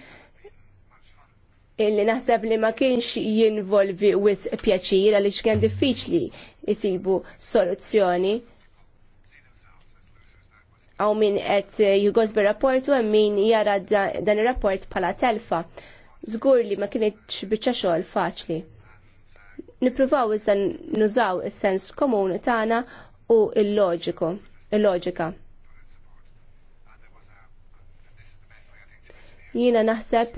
illi naħseb li ma kienx jinvolvi wis pjaċir għaliex kien diffiċli jisibu soluzzjoni. Għaw min qed jugos bir-rapport u hemm min jara dan ir-rapport bħala telfa. Żgur li ma kienx biċċa xogħol faċli. Nippruvaw iżda nużaw is-sens komun tagħna u l-loġiku il-loġika. Jina naħseb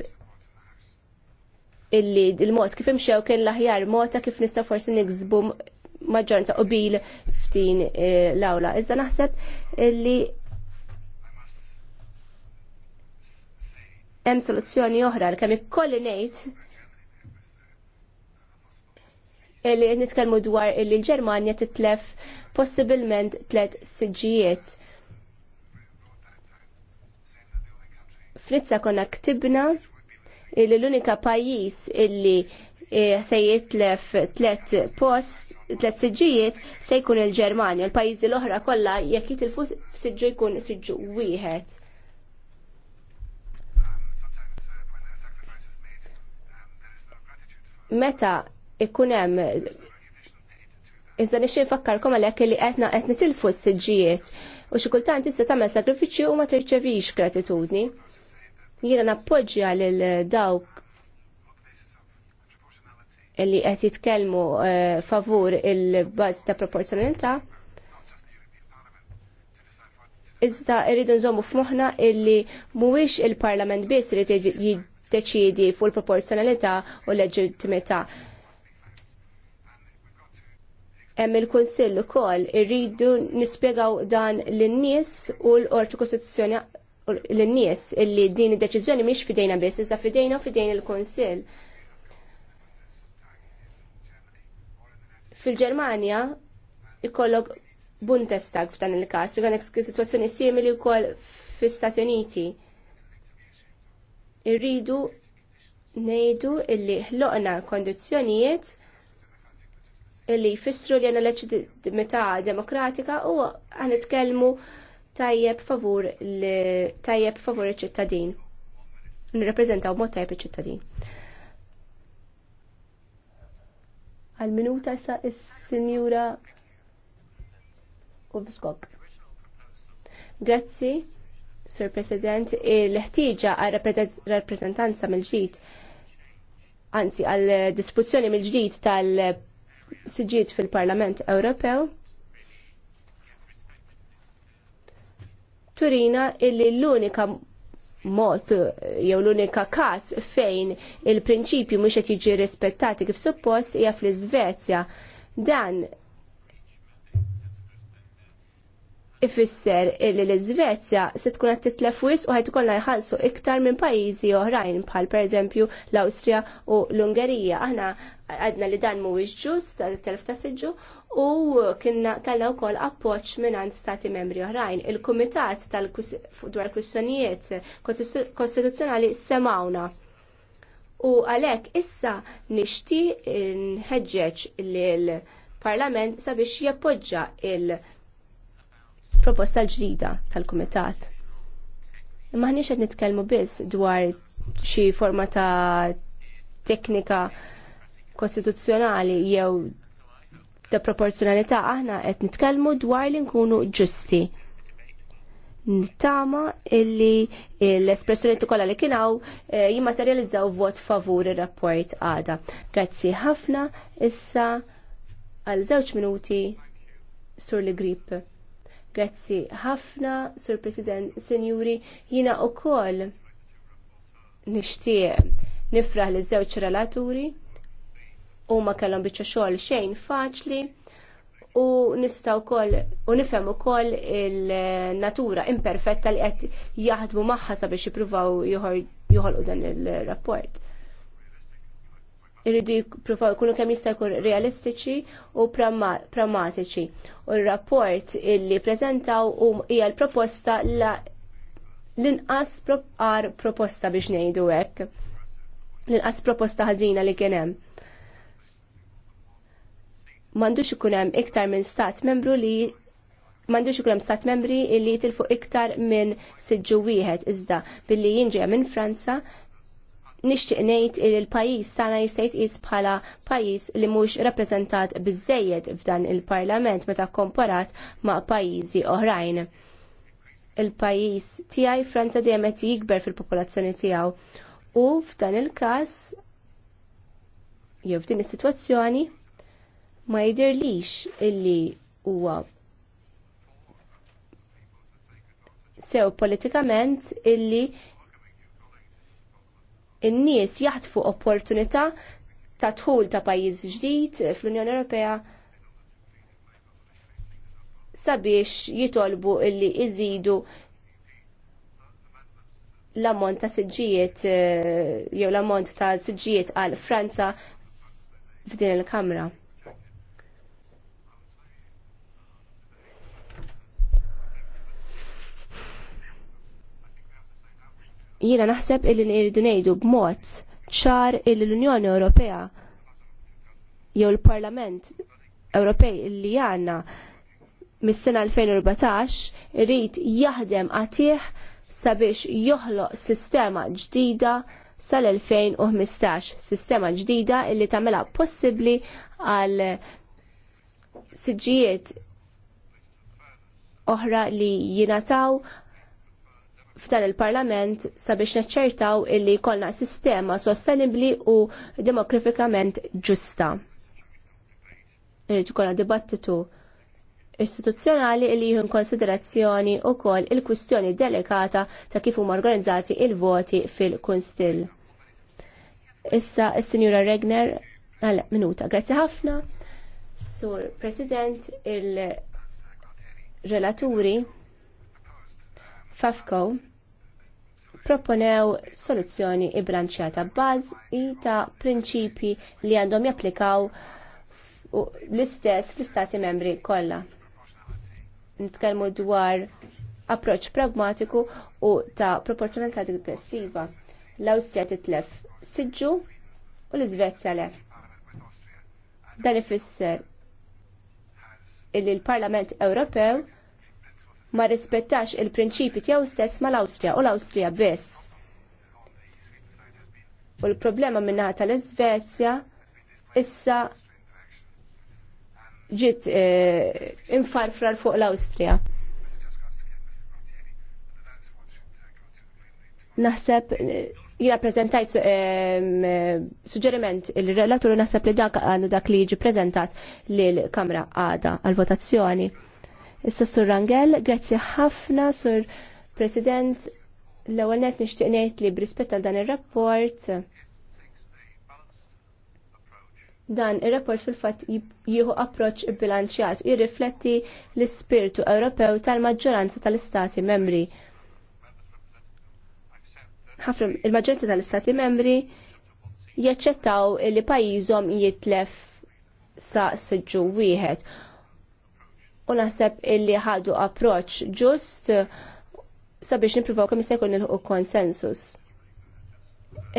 illi il-mod kif imxew kien l-aħjar mota kif nista' forsi nigżbu maġġoranza qbil ftin eh, l-awla. Iżda naħseb illi hemm soluzzjoni oħra li kemm ikolli ngħid Illi nitkellmu dwar illi l-Ġermanja titlef possibilment tlet siġijiet. Frizza konna ktibna li l-unika pajjiż illi eh, se jitlef tlet post, tlet siġijiet se jkun il-Ġermanja. l pajjiżi l-oħra kollha jekk jitilfu siġġu jkun siġu wieħed. Meta ikun hemm Iżda nix infakkarkom għalhekk li qedna qed nitilfu s-siġġijiet u xi kultant tista' tagħmel sagrifiċċju u ma tirċevix gratitudni. Jiena nappoġġja lil dawk li qed jitkellmu eh, favur il-bażi ta' proporzjonalità. Iżda rridu nżommu f'moħħna illi mhuwiex il-Parlament biss li jiddeċiedi fuq il-proporzjonalità u l-leġittimità hemm il-Kunsill ukoll irridu nispjegaw dan lin-nies u l-Qorti Kostituzzjoni lin-nies illi din id-deċiżjoni mhix fidejna biss, iżda fidejna u fidejn il-Kunsill. Fil-Ġermanja ikollok Bundestag f'dan il-każ, u għandek sitwazzjoni simili wkoll fl-Istati Uniti. Irridu ngħidu illi ħloqna kondizzjonijiet li jfissru li għanna leċitimità demokratika u għan itkellmu tajjeb favur tajjeb favur iċ-ċittadin. Nirrepreżentaw mod tajjeb iċ-ċittadin. Għal minuta sa is-Sinjura Ulfskog. Grazzi, Sir President, l-ħtieġa għal rappreżentanza mill-ġdid anzi għal dispuzzjoni mill-ġdid tal- siġiet fil-Parlament Ewropew turina illi l-unika mod jew l-unika każ fejn il-prinċipju mhux qed jiġi rispettati kif suppost hija fl-Iżvezja. Dan ifisser li l-Iżvezja se tkun qed titlef wis u ħajt jħallsu iktar minn pajjiżi oħrajn bħal pereżempju l-Awstrija u l-Ungerija. Aħna għadna li dan mhuwiex ġust tal-telf ta' siġġu u kienna kellna wkoll appoġġ mingħand stati membri oħrajn. Il-Kumitat tal-dwar kwistjonijiet kostituzzjonali semawna. U għalhekk issa nixtieq nħeġġeġ lil parlament sabiex jappoġġa il- proposta ġdida tal-Kumitat. Imma ħniex qed nitkellmu biss dwar xi forma ta' teknika kostituzzjonali jew ta' proporzjonalità aħna qed nitkellmu dwar li nkunu ġusti. Nittama illi l-espressjoni kollha li kienaw eh, jimmaterializzaw vot favur ir-rapport għada. Grazzi ħafna issa għal żewġ minuti sur li grip. Grazzi ħafna, Sur President, Senjuri, jina u koll nishtiq nifraħ li żewġ relaturi u ma kellhom biċċa xogħol xejn faċli u nistaw kol u nifhem ukoll il-natura imperfetta li qed jaħdmu magħha sabiex jippruvaw joħolqu dan il-rapport irridu jippruvaw jkunu kemm jista' jkun realistiċi u pragmatiċi. U r-rapport illi preżentaw hija l-proposta l-inqas għar proposta biex ngħidu hekk. L-inqas proposta ħażina li kien hemm. M'għandux ikun hemm iktar minn stat membru li m'għandux ikun hemm stat membri li jitilfu iktar minn siġġu wieħed iżda billi jinġi minn Franza nixtieq ngħid li l-pajjiż tagħna jista' jitqies bħala pajjiż li mhux rappreżentat biżejjed f'dan il-Parlament meta komparat ma' pajjiżi oħrajn. Il-pajjiż tiegħi Franza dejjem qed jikber fil-popolazzjoni tiegħu. U f'dan il-każ jew f'din is-sitwazzjoni ma jidhirlix illi huwa sew politikament illi in-nies jaħtfu opportunità ta' dħul ta' pajjiż ġdid fl-Unjoni Ewropea sabiex jitolbu illi iżidu l-ammont ta' siġġijiet eh, jew l-ammont ta' siġġijiet għal Franza f'din il-Kamra. Jiena naħseb illi nirridu ngħidu b'mod ċar illi l-Unjoni Ewropea jew l-Parlament Ewropej li għandna mis-sena 2014 irrid jaħdem għatih sabiex joħloq sistema ġdida sal-2015, sistema ġdida illi tamela possibbli għal siġijiet oħra li jinataw f'dan il-Parlament sabiex naċċertaw illi jkollna sistema sostenibbli u demografikament ġusta. Irrid ikollna dibattitu istituzzjonali li jieħu konsiderazzjoni wkoll il-kwistjoni delikata ta' kif huma organizzati l voti fil-Kunstill. Issa il sinjura Regner, għal minuta, grazzi ħafna. Sur President, il-relaturi FAFCO proponew soluzzjoni ibranċjata bażi ta' prinċipji li għandhom japplikaw l-istess fl-istati membri kollha. Nitkellmu dwar approċċ pragmatiku u ta' proporzjonalità digressiva. L-Awstrija titlef siġġu u l-Iżvezja lef. Dan ifisser illi l-Parlament Ewropew ma rispettax il-prinċipi tiegħu stess mal-Awstrija u l-Awstrija biss. U l-problema minnaħa tal-Iżvezja issa ġiet eh, infarfrar fuq l-Awstrija. Naħseb eh, jina prezentajt eh, suġġeriment il-relatur naħseb li dak għandu dak li jiġi prezentat l kamra għada għal-votazzjoni. Issa Sur Rangel, grazzi ħafna Sur President l-ewwel net ngħid li brispetta dan ir-rapport dan ir-rapport fil-fatt jieħu approċ bilanċjat u jirrifletti l spirtu Ewropew tal-maġġoranza tal-istati membri. Ħafna il-maġġoranza tal-istati membri jaċċettaw li pajjiżhom jitlef sa' siġġu wieħed u naħseb illi ħadu approċ ġust sabiex nippruvaw kemm jista' jkun nilħu konsensus.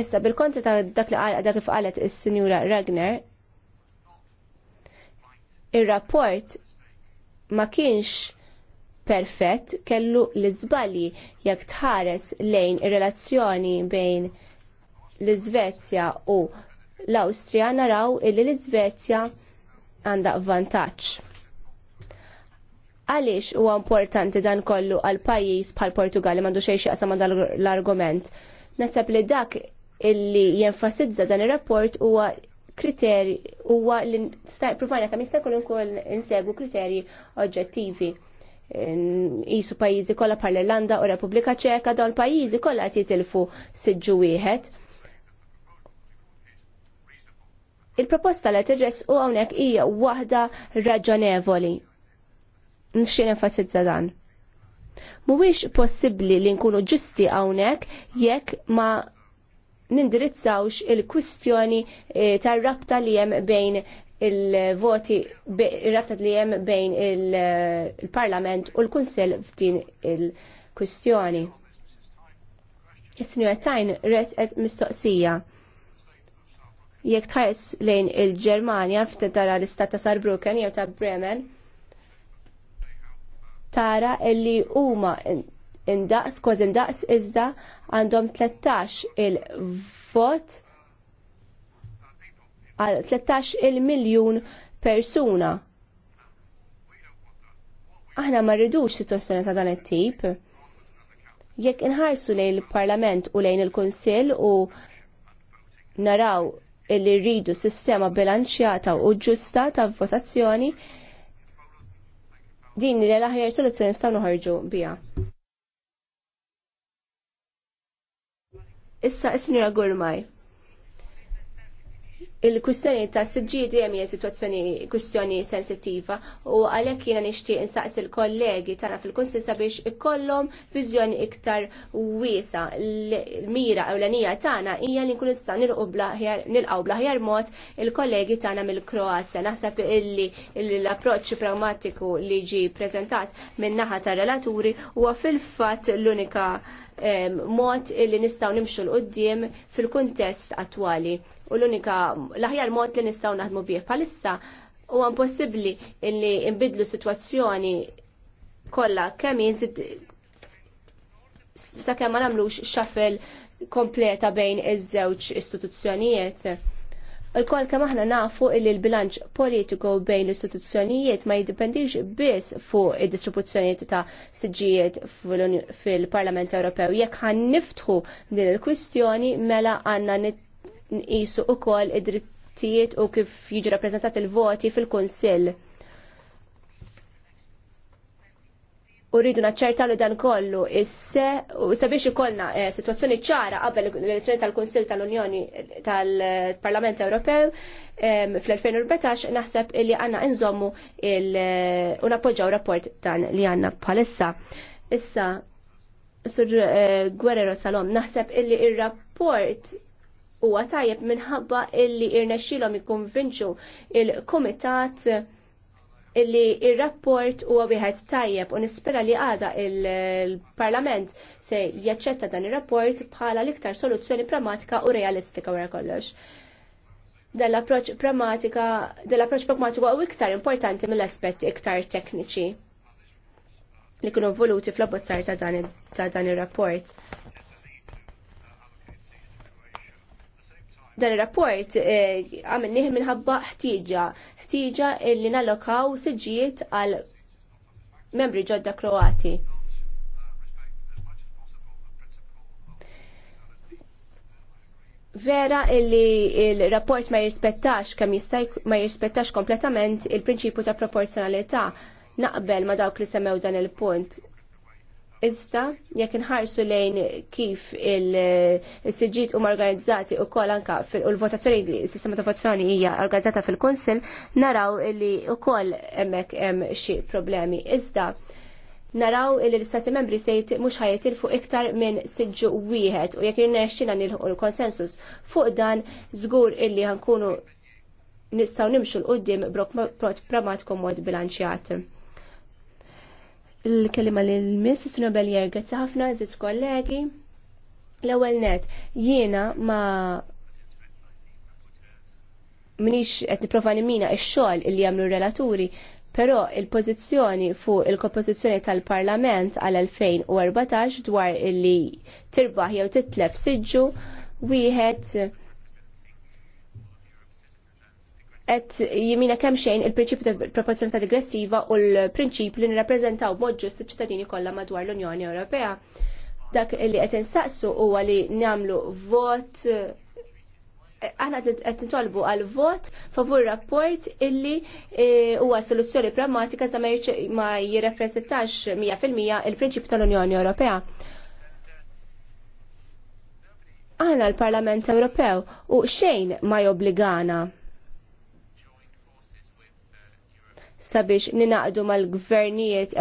Issa bil-kontra ta' dak li qal dak kif qalet is-Sinjura Ragner, ir-rapport ma kienx perfett kellu l-iżbalji jekk tħares lejn ir-relazzjoni bejn l-Iżvezja u l-Awstrija naraw illi l-Iżvezja għandha vantaġġ. Għaliex huwa importanti dan kollu għal pajjiż bħal li m'għandu xejn xieqsam dan l-argument. Naħseb li dak illi jenfasizza dan ir-rapport huwa kriterji huwa li provajna kemm jista' jkun ukoll insegu kriterji oġġettivi. Isu pajjiżi kollha par l-Irlanda u Repubblika Ċeka dawn pajjiżi kollha qed jitilfu siġġu wieħed. Il-proposta li tirres u hawnhekk hija waħda raġonevoli nxin enfasizza dan. Mhuwiex possibbli li nkunu ġisti hawnhekk jekk ma nindirizzawx il-kwistjoni eh, tar-rabta li hemm bejn il-voti, il-rabta li hemm bejn eh, il-Parlament u l-Kunsell f'din il-kwistjoni. Is-Sinjora Tajn resqet mistoqsija jekk tħares lejn il-Ġermanja f'tara l-istat ta' Sarbruken jew ta' Bremen, tara illi huma indaqs, kważ indaqs iżda għandhom 13 il-vot għal 13 il-miljun persuna. Aħna ma rridux situazzjoni ta' dan it-tip. Jekk inħarsu lejn il-Parlament u lejn il-Kunsill u naraw illi rridu sistema bilanċjata u ġusta ta' votazzjoni, din li l-aħjar soluzzjoni nistgħu noħorġu biha. Issa is-Sinjora Gurmaj il-kwistjoni ta' s-sġidi għem hija situazzjoni kwistjoni sensittiva u għalhekk jiena nixtieq insaqs il-kollegi tagħna fil-Kunsil sabiex ikollhom viżjoni iktar wiesa l-mira ewlenija tagħna hija li nkun nil nilqgħu blaħjar mod il-kollegi tagħna mill-Kroazja. Naħseb illi l-approċċ pragmatiku li ġi prezentat min-naħa tar-relaturi huwa fil-fatt l-unika mod li nistgħu nimxu l-qoddim fil-kuntest attwali. U l-unika l-aħjar mod li nistgħu naħdmu palissa u huwa possibli li imbidlu sitwazzjoni kollha kemm jinżid sakemm ma nagħmlux xafel kompleta bejn iż-żewġ istituzzjonijiet Il-kol kem aħna nafu illi l-bilanċ politiku bejn l-istituzzjonijiet ma jiddipendix biss fuq id-distribuzzjonijiet ta' siġijiet fil-Parlament Ewropew. Jekk ħan niftħu din il-kwistjoni mela għanna nqisu ukoll id-drittijiet u kif jiġi rappreżentat il-voti fil-Kunsill Uridu naċċertaw naċċerta li dan kollu isse u sabiex ikollna eh, situazzjoni ċara qabel l-elezzjoni tal-Kunsill tal-Unjoni tal-Parlament Ewropew fl-2014 naħseb li għanna nżommu u appoġġaw rapport dan li għanna bħalissa. Issa, sur eh, Guerrero Salom, naħseb illi il-rapport huwa tajjeb minħabba illi irnexxilhom jikkonvinċu il-Kumitat il komitat il kumitat illi il-rapport huwa wieħed tajjeb u nispera li għada il-Parlament se jaċċetta dan ir-rapport bħala l-iktar soluzzjoni pragmatika u realistika wara kollox dell-approċ pragmatika, dell-approċ pragmatika u iktar importanti mill-aspetti iktar tekniċi li kienu voluti fl-abbozzar ta' dan il-rapport. Dan il-rapport eh, għamil minħabba ħtijġa il illi nallokaw siġijiet għal membri ġodda Kroati. vera illi il-rapport ma jirrispettax kemm jista' ma jirrispettax kompletament il-prinċipju ta' proporzjonalità naqbel ma dawk li semmew dan il-punt. Iżda, jekk inħarsu lejn kif il-sġit huma organizzati u kol anka fil-votazzjoni, sistema ta' votazzjoni hija organizzata fil-Kunsil, naraw li u kol hemmhekk hemm xi problemi. Iżda, naraw li l-istati membri se mhux ħajetil fuq iktar minn siġġu wieħed u jekk nirnexxina nilħu l-konsensus fuq dan żgur illi ħankunu nistgħu nimxu l-qudiem brok pragmatiku mod bilanċjat il-kelima li l-miss, s-sunobel jergħet ħafna, ziz kollegi. L-ewel net, jiena ma minix qed niprofa nimina x-xogħol li jagħmlu relaturi, però il-pożizzjoni fuq il-kompożizzjoni tal-Parlament għal 2014 dwar li tirbaħ jew titlef siġġu wieħed et jimina kemm xejn il-prinċipju ta' proporzjonalità digressiva u l prinċipju li nirrappreżentaw mod ġust iċ-ċittadini kollha madwar l-Unjoni Ewropea. Dak li qed insaqsu huwa li nagħmlu vot aħna qed nitolbu għal vot favur rapport illi e, huwa soluzzjoni pragmatika sa ma jirrappreżentax 100% il-prinċipju tal-Unjoni Ewropea. Aħna l-Parlament Ewropew u xejn ma jobbligana sabiex ninaqdu mal-gvernijiet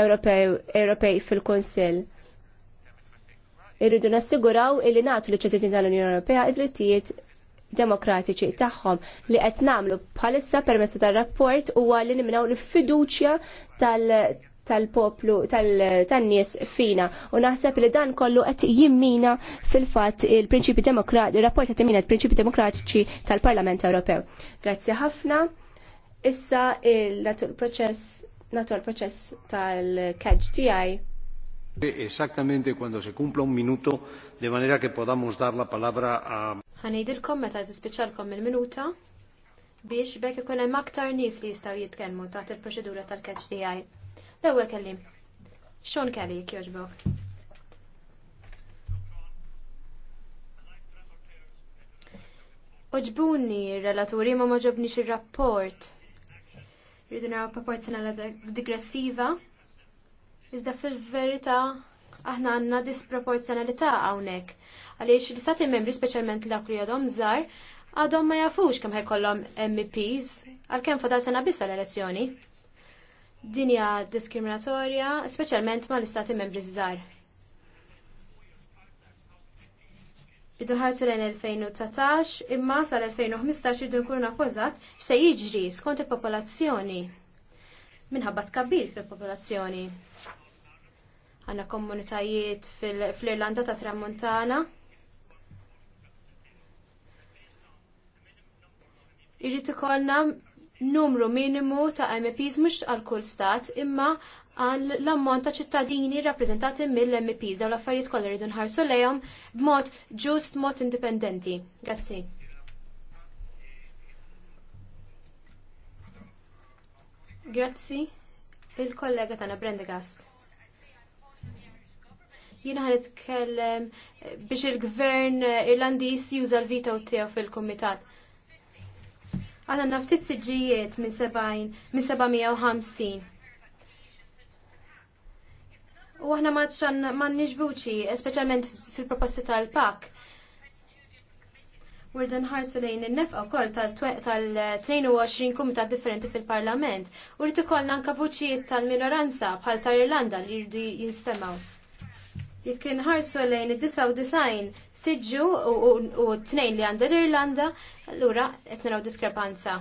Ewropej fil-Konsil. Irridu nassiguraw illi nagħtu li ċittadini tal-Unjoni Ewropea id-drittijiet demokratiċi tagħhom li qed nagħmlu bħalissa permezz tar-rapport huwa li nimnaw l-fiduċja tal-poplu tan-nies fina u naħseb li dan kollu qed jimmina fil-fatt il-prinċipi demokratiċi, il-rapport qed jimmina l-prinċipi demokratiċi tal-Parlament Ewropew. Grazzi ħafna. Issa il-proċess natu l-proċess tal-catch TI. Esattamente quando se cumpla un minuto, de manera che podamos dar la palabra a... Ħanejdilkom meta tispiċċalkom il-minuta biex bekk ikun hemm aktar nies li jistgħu jitkellmu taħt il-proċedura tal-catch TI. L-ewwel kelli. Sean Kelly jogħġbok. Oġbuni r-relaturi ma maġobniex ir-rapport rridu naraw proporzjonala digressiva. Iżda fil-verità aħna għandna disproporzjonalità hawnhekk. Għaliex l-istati membri speċjalment dak li għadhom żgħar għadhom ma jafux kemm ħajkollhom MEPs għalkemm fadal sena biss l-elezzjoni. Dinja diskriminatorja, speċjalment mal istati membri żgħar. Bidu ħarsu lejn 2013 imma sal-2015 ridu nkunu nakkużat x'se jiġri skont il-popolazzjoni minħabba tkabbir fil-popolazzjoni. Għanna komunitajiet fl-Irlanda ta' Tramuntana. Irrid ikollna numru minimu ta' MPs mhux għal kull stat imma għal l-ammont ta' ċittadini rappreżentati mill-MPs dawn l-affarijiet kollha rridu nħarsu lejhom b'mod ġust mod indipendenti. Grazzi. Grazzi il-kollega tagħna Brendegast. Jiena ħan itkellem biex il-gvern Irlandiż juża l vita tiegħu fil-kumitat għana naftit siġijiet minn 750 U aħna maċċan man nġvuċi, specialment fil-proposti tal-pak. Wirden ħarsu lejn il-nefqa koll tal-22 komitat differenti fil-parlament. U rritu kolna anka tal-minoranza bħal tal-Irlanda li jirdu jinstemaw. Jekk ħarsu lejn id-99 siġu u t-tnejn li għandha l-Irlanda, l-ura etnaraw diskrepanza.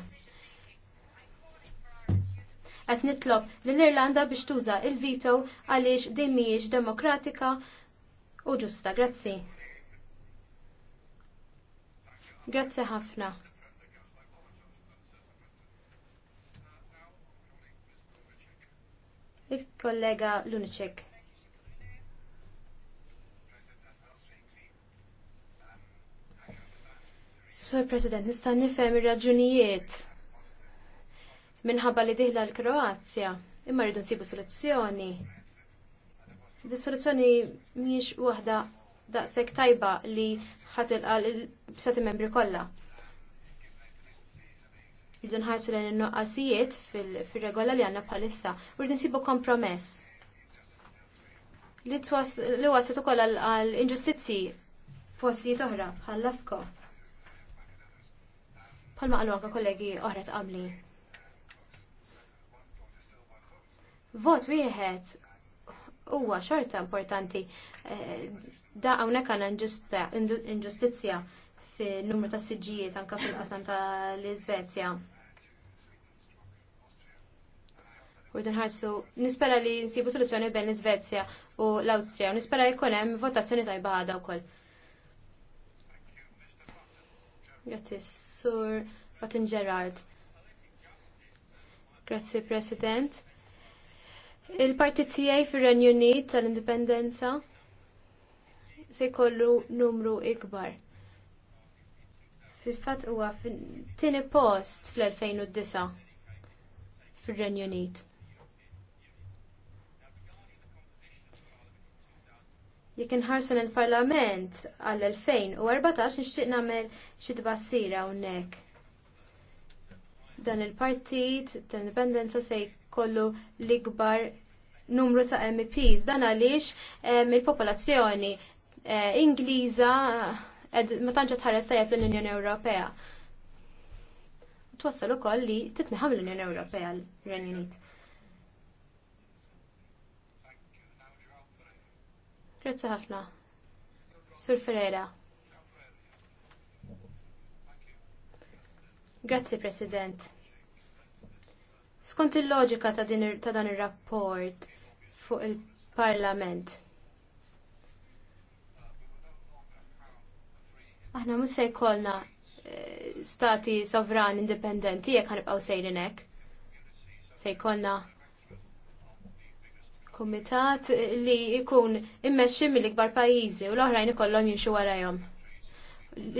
Qed nitlob lill-Irlanda biex tuża il-vito għaliex din mhijiex demokratika u ġusta. Grazzi. Grazzi ħafna. Il-kollega Lunicek. Sur President, nista' nifem ir-raġunijiet minħabba li diħla l-Kroazja, imma rridu nsibu soluzzjoni. Di soluzzjoni miex waħda daqshekk tajba li ħatilqa l-sati membri kollha. Rridu nħarsu lejn in-noqqasijiet fil-regola li għandna bħalissa, rridu nsibu kompromess. Li waslet ukoll għal inġustizzi postijiet oħra bħal lafko. Bħalma qalu anke kollegi oħra tqamli. Vot wieħed huwa xorta importanti eh, da hawnhekk għandna inġustizzja fin-numru ta' siġijiet anke fil-qasam tal-Iżvezja. U nħarsu nispera li nsibu soluzzjoni bejn l-Iżvezja u l-Awstrija u nispera jkun hemm votazzjoni tajba għadha wkoll. Grazzi Sur Martin Gerard. Grazzi President Il-partit tiegħi fir-Renju Unit tal-Indipendenza se jkollu numru ikbar. Fil-fatt huwa tieni post fl-2009 fir-Renju Unit. Jekk inħarsu il-Parlament għal-2014 nixtieq nagħmel xi tbassira hawnhekk. Dan il-partit tal-Indipendenza se kollu l-ikbar numru ta' MPs. Dan għaliex il-popolazzjoni eh, Ingliża eh, ma tantx tħares tajjeb l-Unjoni Ewropea. Twassal ukoll li titneħam l-Unjoni Ewropea l-Renju Unit. Grazie ħafna. Sur Ferreira. Grazie President. Skont il-loġika ta', ta dan ir-rapport fuq il-Parlament. Aħna mhux se jkollna eh, stati sovran indipendenti jekk ħanibqgħu sejrin hekk. Se jkollna kumitat li jkun immexxi mill-ikbar pajjiżi u l-oħrajn ikollhom jimxu warajhom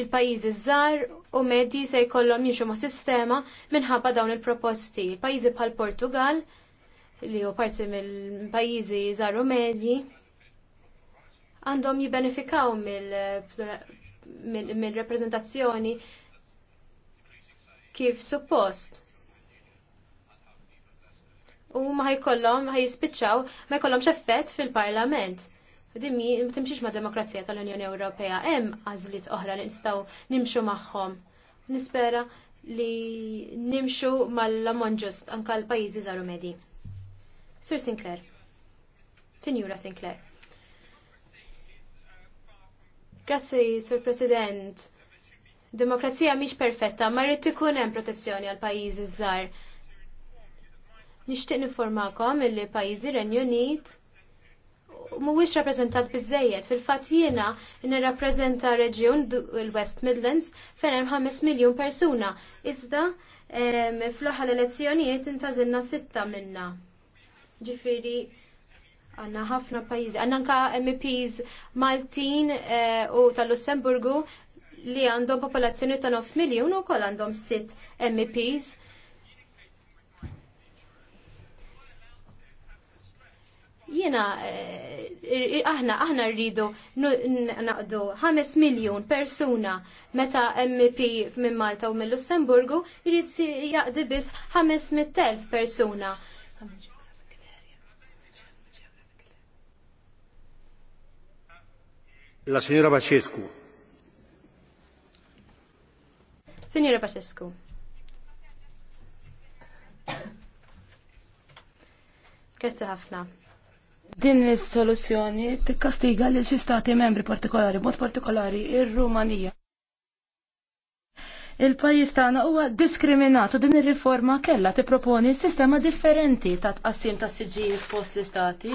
il-pajizi żgħar u medji se jkollhom jinxu ma' sistema minħabba dawn il-proposti. Pajizi bħal Portugal li hu parti mill-pajizi żar u medji għandhom jibbenefikaw mill-reprezentazzjoni kif suppost. U ma ma ħajispiċċaw ma jkollhomx effett fil-Parlament Dimmi, timxiex ma' demokrazija tal-Unjoni Ewropea, hemm għażliet oħra li nistgħu nimxu magħhom. Nispera li nimxu mal-lamon ġust anka l-pajjiżi żaru medi. Sir Sinclair. Sinjura Sinclair. Grazzi, Sur President. Demokrazija mhix perfetta, ma rrid ikun hemm protezzjoni għal pajjiżi żgħar. Nixtieq niformakom il pajjiżi Renju Unit mhuwiex rappreżentat biżejjed. Fil-fatt jiena nirrappreżenta reġjun il-West Midlands fejn hemm 5 miljun persuna. Iżda fl-aħħar elezzjonijiet intażilna sitta minna. Ġifieri għanna ħafna pajjiżi, għanna anka MPs Maltin eh, u tal-Lussemburgu li għandhom popolazzjoni ta' 9 miljun u kol għandhom sitt MEPs Jiena eh, aħna aħna rridu naqdu 5 miljun persuna meta MP minn Malta u mill lussemburgu jrid jaqdi biss 500,000 persuna. La signora Bacescu. Signora Bacescu. Grazie ħafna. Din is-soluzzjoni tikkastiga lil xi stati membri partikolari, mod partikolari ir-Rumanija. Il-pajjiż tagħna huwa diskriminatu din ir-riforma kellha tipproponi sistema differenti ta' tqassim ta' siġijiet fost l-istati,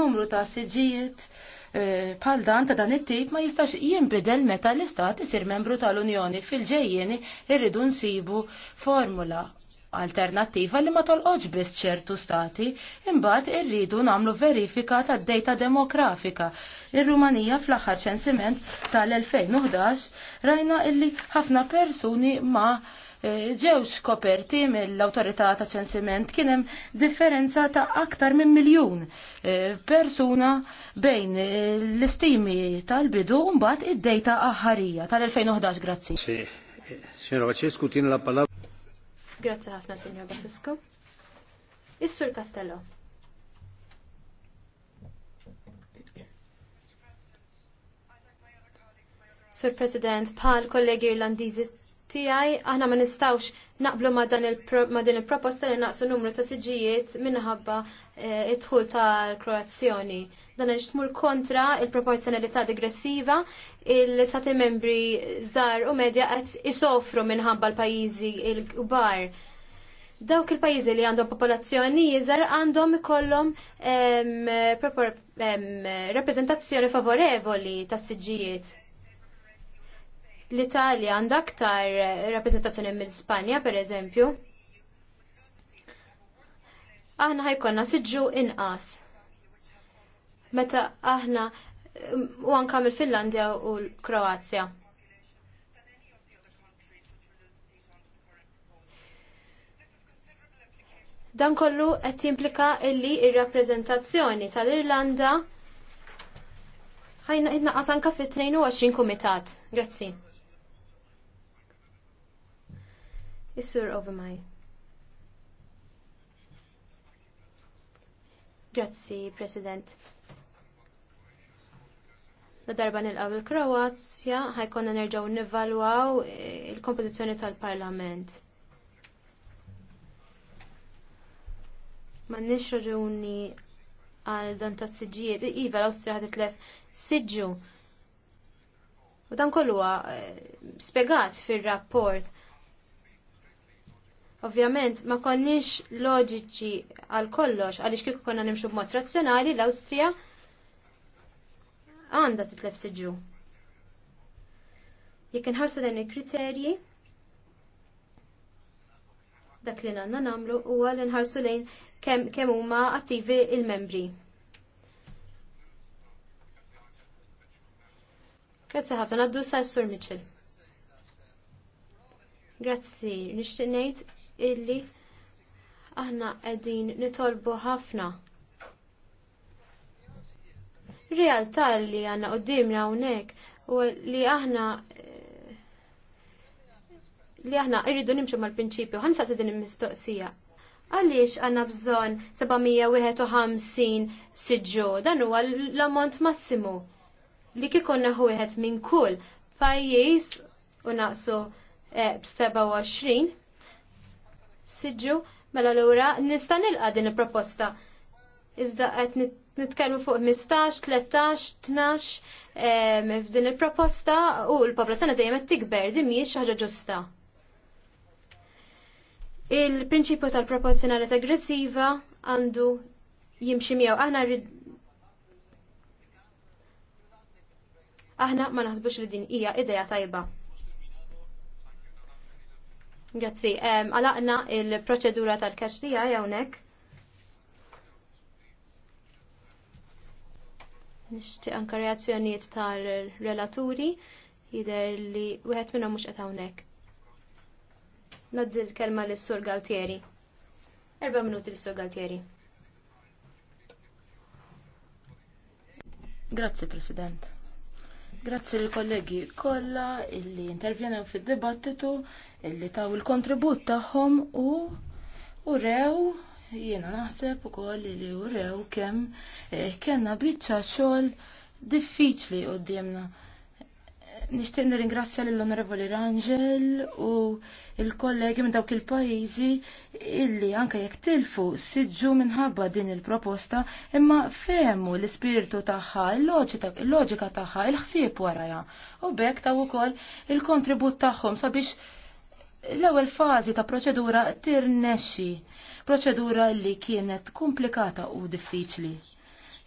numru ta' siġijiet eh, bħal dan ta' dan it-tip ma jistax jinbidel meta l-istat isir membru tal-Unjoni fil-ġejjeni irridu nsibu formula alternattiva li ma tolqoġ biss ċertu stati, imbagħad irridu nagħmlu verifika tad dejta demografika. Ir-Rumanija fl-aħħar ċensiment tal-2011 rajna illi ħafna persuni ma eh, ġewx koperti mill-autorità ta' ċensiment kien hemm differenza ta' aktar minn miljun eh, persuna bejn eh, l-istimi tal-bidu mbagħad id-dejta aħħarija tal-2011 grazzi. Signora Vacescu, tiene la palabra. Grazzi ħafna, Signor Basisco. Is-Sur Castello. Sur President, bħal kollegi Irlandiżi tiegħi aħna ma nistgħux naqblu ma' din il-proposta li naqsu numru ta' siġijiet minħabba eh, id-dħul tal-kroazzjoni. Dan għax tmur kontra il-proporzjonalità digressiva il-sati membri zar u medja għat isofru minħabba l-pajjiżi il-kbar. Dawk il-pajjiżi li għandhom popolazzjoni jizar għandhom ikollhom ehm, ehm, rappresentazzjoni favorevoli ta' siġijiet L-Italja għandha aktar eh, rappreżentazzjoni minn Spanja, per eżempju. Aħna ħajkonna siġġu inqas. Meta aħna eh, u anka mill-Finlandja u l-Kroazja. Dan kollu qed jimplika illi ir-rappreżentazzjoni tal-Irlanda ħajna jitnaqqas anke fit-22 kumitat. Grazzi. Is-sur Overmaj. Grazzi, President. La darba nilqaw il-Kroazja ħajkonna nerġgħu nivvalwaw eh, il-kompożizzjoni tal-Parlament. M'għandniex raġuni għal dan tas siġijiet iva l-Awstrija ħad s-sġu. U dan kollu eh, spjegat fir-rapport Ovvjament, ma konniex loġiċi għal kollox, għaliex kieku konna nimxu b'mod razzjonali, l-Awstrija għandha titlef siġu. Jekk inħarsu dan il-kriterji, dak li għandna nagħmlu huwa li nħarsu lejn kemm huma attivi il-membri. Grazzi ħafna, għaddu sa' Sur Mitchell. Grazzi, nixtieq ngħid illi aħna qegħdin nitolbu ħafna. Realtà li għandna qudiemna hawnhekk u li aħna li aħna irridu nimxu mal-prinċipju, ħansa din il-mistoqsija. Għaliex għanna bżon 751 siġġu, dan huwa l-ammont massimu li kikun naħu wieħed minn kull pajjiż u naqsu eh, b-27 siġġu mela l-ura nista nilqa din il-proposta. Iżda qed nitkellmu fuq 15, 13, 12 f'din il-proposta u l sena dejjem qed tikber din mhijiex ħaġa ġusta. Il-prinċipju tal-proporzjonalità aggressiva għandu jimxi miegħu aħna rrid aħna ma naħsbux li din hija idea tajba. Grazzi, għalaqna il-proċedura tal-kax tija jawnek. Nishti anka reazzjoniet tal-relaturi jider li wieħed minnhom mhux qed hawnhekk. Naddil kelma lis sur Galtieri. Erba' minuti lis sur Galtieri. Grazzi, President. Grazzi l-kollegi kollha illi intervjenew fid-dibattitu illi taw il-kontribut tagħhom u u rew jiena naħseb koll li u rew kemm eh, kellna biċċa xogħol diffiċli djemna. Nishtiq nirringrazzja lill-Onorevoli Rangel u il-kollegi minn dawk il-pajjiżi illi anke jekk tilfu siġġu minħabba din il-proposta imma fehmu l-ispirtu tagħha, il-loġika tagħha, il-ħsieb waraja. U bekk taw ukoll il-kontribut tagħhom sabiex l-ewwel fażi ta' proċedura tirnexxi, proċedura li kienet komplikata u diffiċli.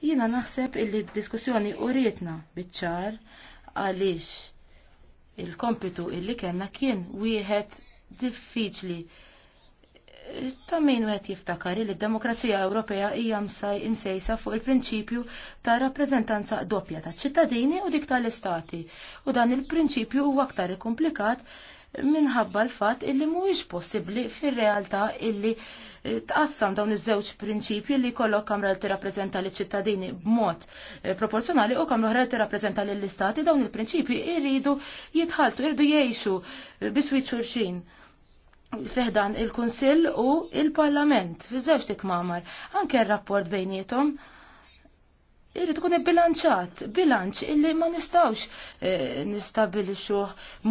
Jiena naħseb illi d-diskussjoni u rietna biċ-ċar għaliex il-kompitu illi kellna kien wieħed diffiċli. Ta' min wieħed jiftakar li d-demokrazija Ewropea hija msejsa fuq il-prinċipju ta' rappreżentanza doppja ta' ċittadini u dik tal-istati. U dan il-prinċipju huwa aktar komplikat minħabba l-fatt illi mhuwiex possibbli fir-realtà illi eh, tqassam dawn iż-żewġ prinċipji li jkollok kamra li tirrappreżenta l ċittadini b'mod eh, proporzjonali u kamra oħra li tirrappreżenta lill-istati dawn il-prinċipji jridu jitħaltu, jridu jgħixu eh, biex xulxin fiħdan il-Kunsill u il-Parlament fiż-żewġ tikmamar. Anke r-rapport bejnietom irrid ikun bilanċat, bilanċ illi ma nistawx nistabilixxu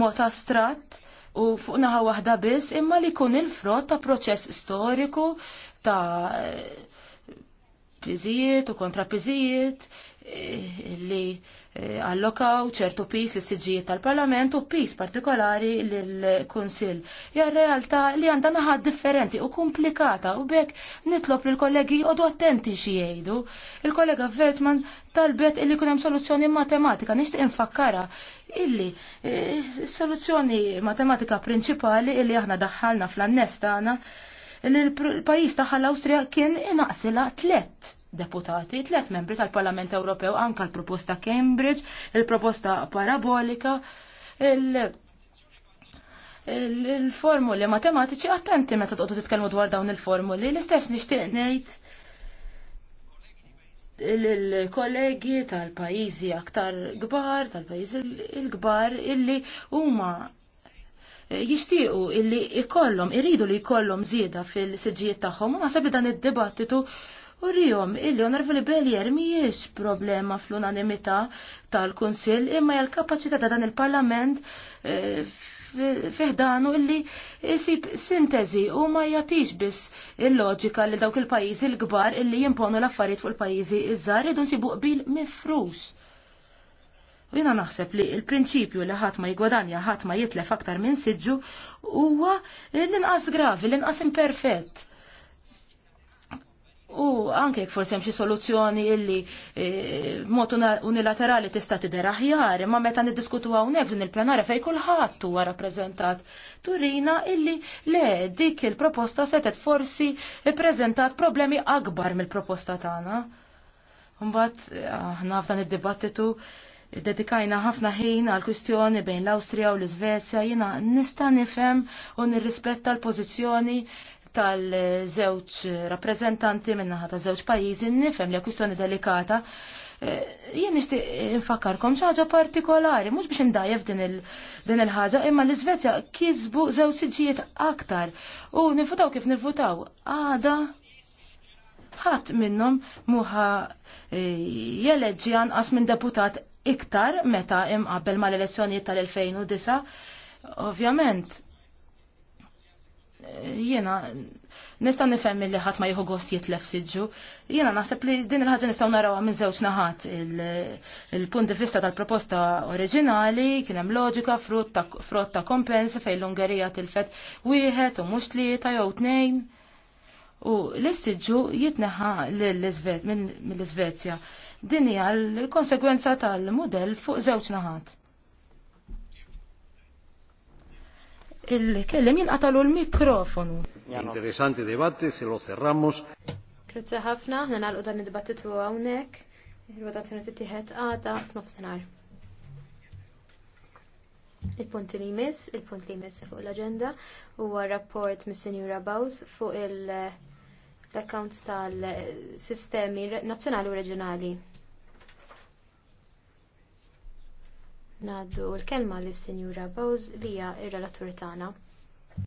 mod astratt u fuq naħa waħda biss imma li jkun il-frott ta' proċess storiku ta' eh, piżijiet u kontrapizijiet eh, li Eh, allokaw ċertu pis l siġijiet tal-Parlament u pis partikolari lill-Kunsill. Ja realtà li għandha naħad differenti u komplikata u bekk nitlob lill kollegi għodu attenti xi jgħidu. Il-kollega Vertman talbet illi kunem soluzzjoni matematika, nixtieq infakkara illi eh, soluzzjoni matematika prinċipali illi aħna daħħalna fl-annestana li l-pajis taħħal Awstrija kien inaqsila tlett deputati, tlet membri tal-Parlament Ewropew anka l-proposta Cambridge, il-proposta parabolika, il- il-formuli matematiċi attenti meta toqgħod titkellmu dwar dawn il-formuli, l-istess nixtieq ngħid il-kollegi tal-pajjiżi aktar kbar, tal-pajjiżi il-kbar illi huma jixtiequ illi ikollhom iridu li jkollhom żieda fil-siġijiet tagħhom u naħseb li dan id-dibattitu U rihom illi onorevoli Bellier mhijiex problema fl-unanimità tal-Kunsill imma hija l-kapaċità ta' dan il-Parlament eh, fiħdanu illi jisib sintezi u ma jagħtix biss il-loġika li dawk il pajizi l-kbar illi jimponu l-affarijiet fuq il pajizi iż-żgħar idun nsibu qbil mifrux. U jina naħseb li il-prinċipju li ħadd ma jgwadanja ħadd ma jitlef aktar minn siġġu huwa l-inqas gravi, l-inqas imperfett. U anke jekk forsi hemm xi soluzzjoni illi b'mod eh, unilaterali tista' tidher aħjar, imma meta niddiskutu hawnhekk din il-plenarja fejn kulħadd huwa rappreżentat. Turina illi le dik il-proposta setet forsi ppreżentat problemi akbar mill-proposta tagħna. Mbagħad eh, aħna f'dan id-dibattitu dedikajna ħafna ħin għal kwistjoni bejn l-Awstrija u l-Iżvezja jiena nista' nifhem u nirrispetta l-pożizzjoni tal-żewġ rappreżentanti min-naħa ta' żewġ pajjiżi nifhem li kwistjoni delikata. Eh, jien nixtieq infakkarkom xi ħaġa partikolari, mhux biex indajjef din il-ħaġa, imma l-Iżvezja kisbu żewġ siġijiet aktar u nifutaw kif nifutaw. Għada ħadd minnhom muħa eh, jeleġġi anqas minn deputat iktar meta imqabel mal-elezzjonijiet tal-2009. Ovvjament, Jena, nista' nifhem li ħadd ma jieħu gost jitlef Siġu. Jiena naħseb li din il-ħaġa nistgħu narawha minn żewġ naħat. Il-punt di vista tal-proposta oriġinali kien hemm loġika frott ta' kompens fejn l-Ungerija tilfet wieħed u mhux tlieta jew tnejn. U l istiġu jitneħħa mill-Iżvezja. Din hija l-konsegwenza tal-mudell fuq żewġ naħat. il-kellem jinqatalu l-mikrofonu. Interessanti debatti, se lo cerramos. Grazie ħafna, ħna nalqu dan id-dibattitu għawnek, il-votazzjoni tittieħed għada f'nofsinhar. Il-punt li jmiss, il-punt li jmiss fuq l-agenda huwa rapport mis-Sinjura Bows fuq il- l-accounts tal-sistemi nazzjonali u reġjonali. Naddu l-kelma lis sinjura Bowes li hija r relatur tagħna.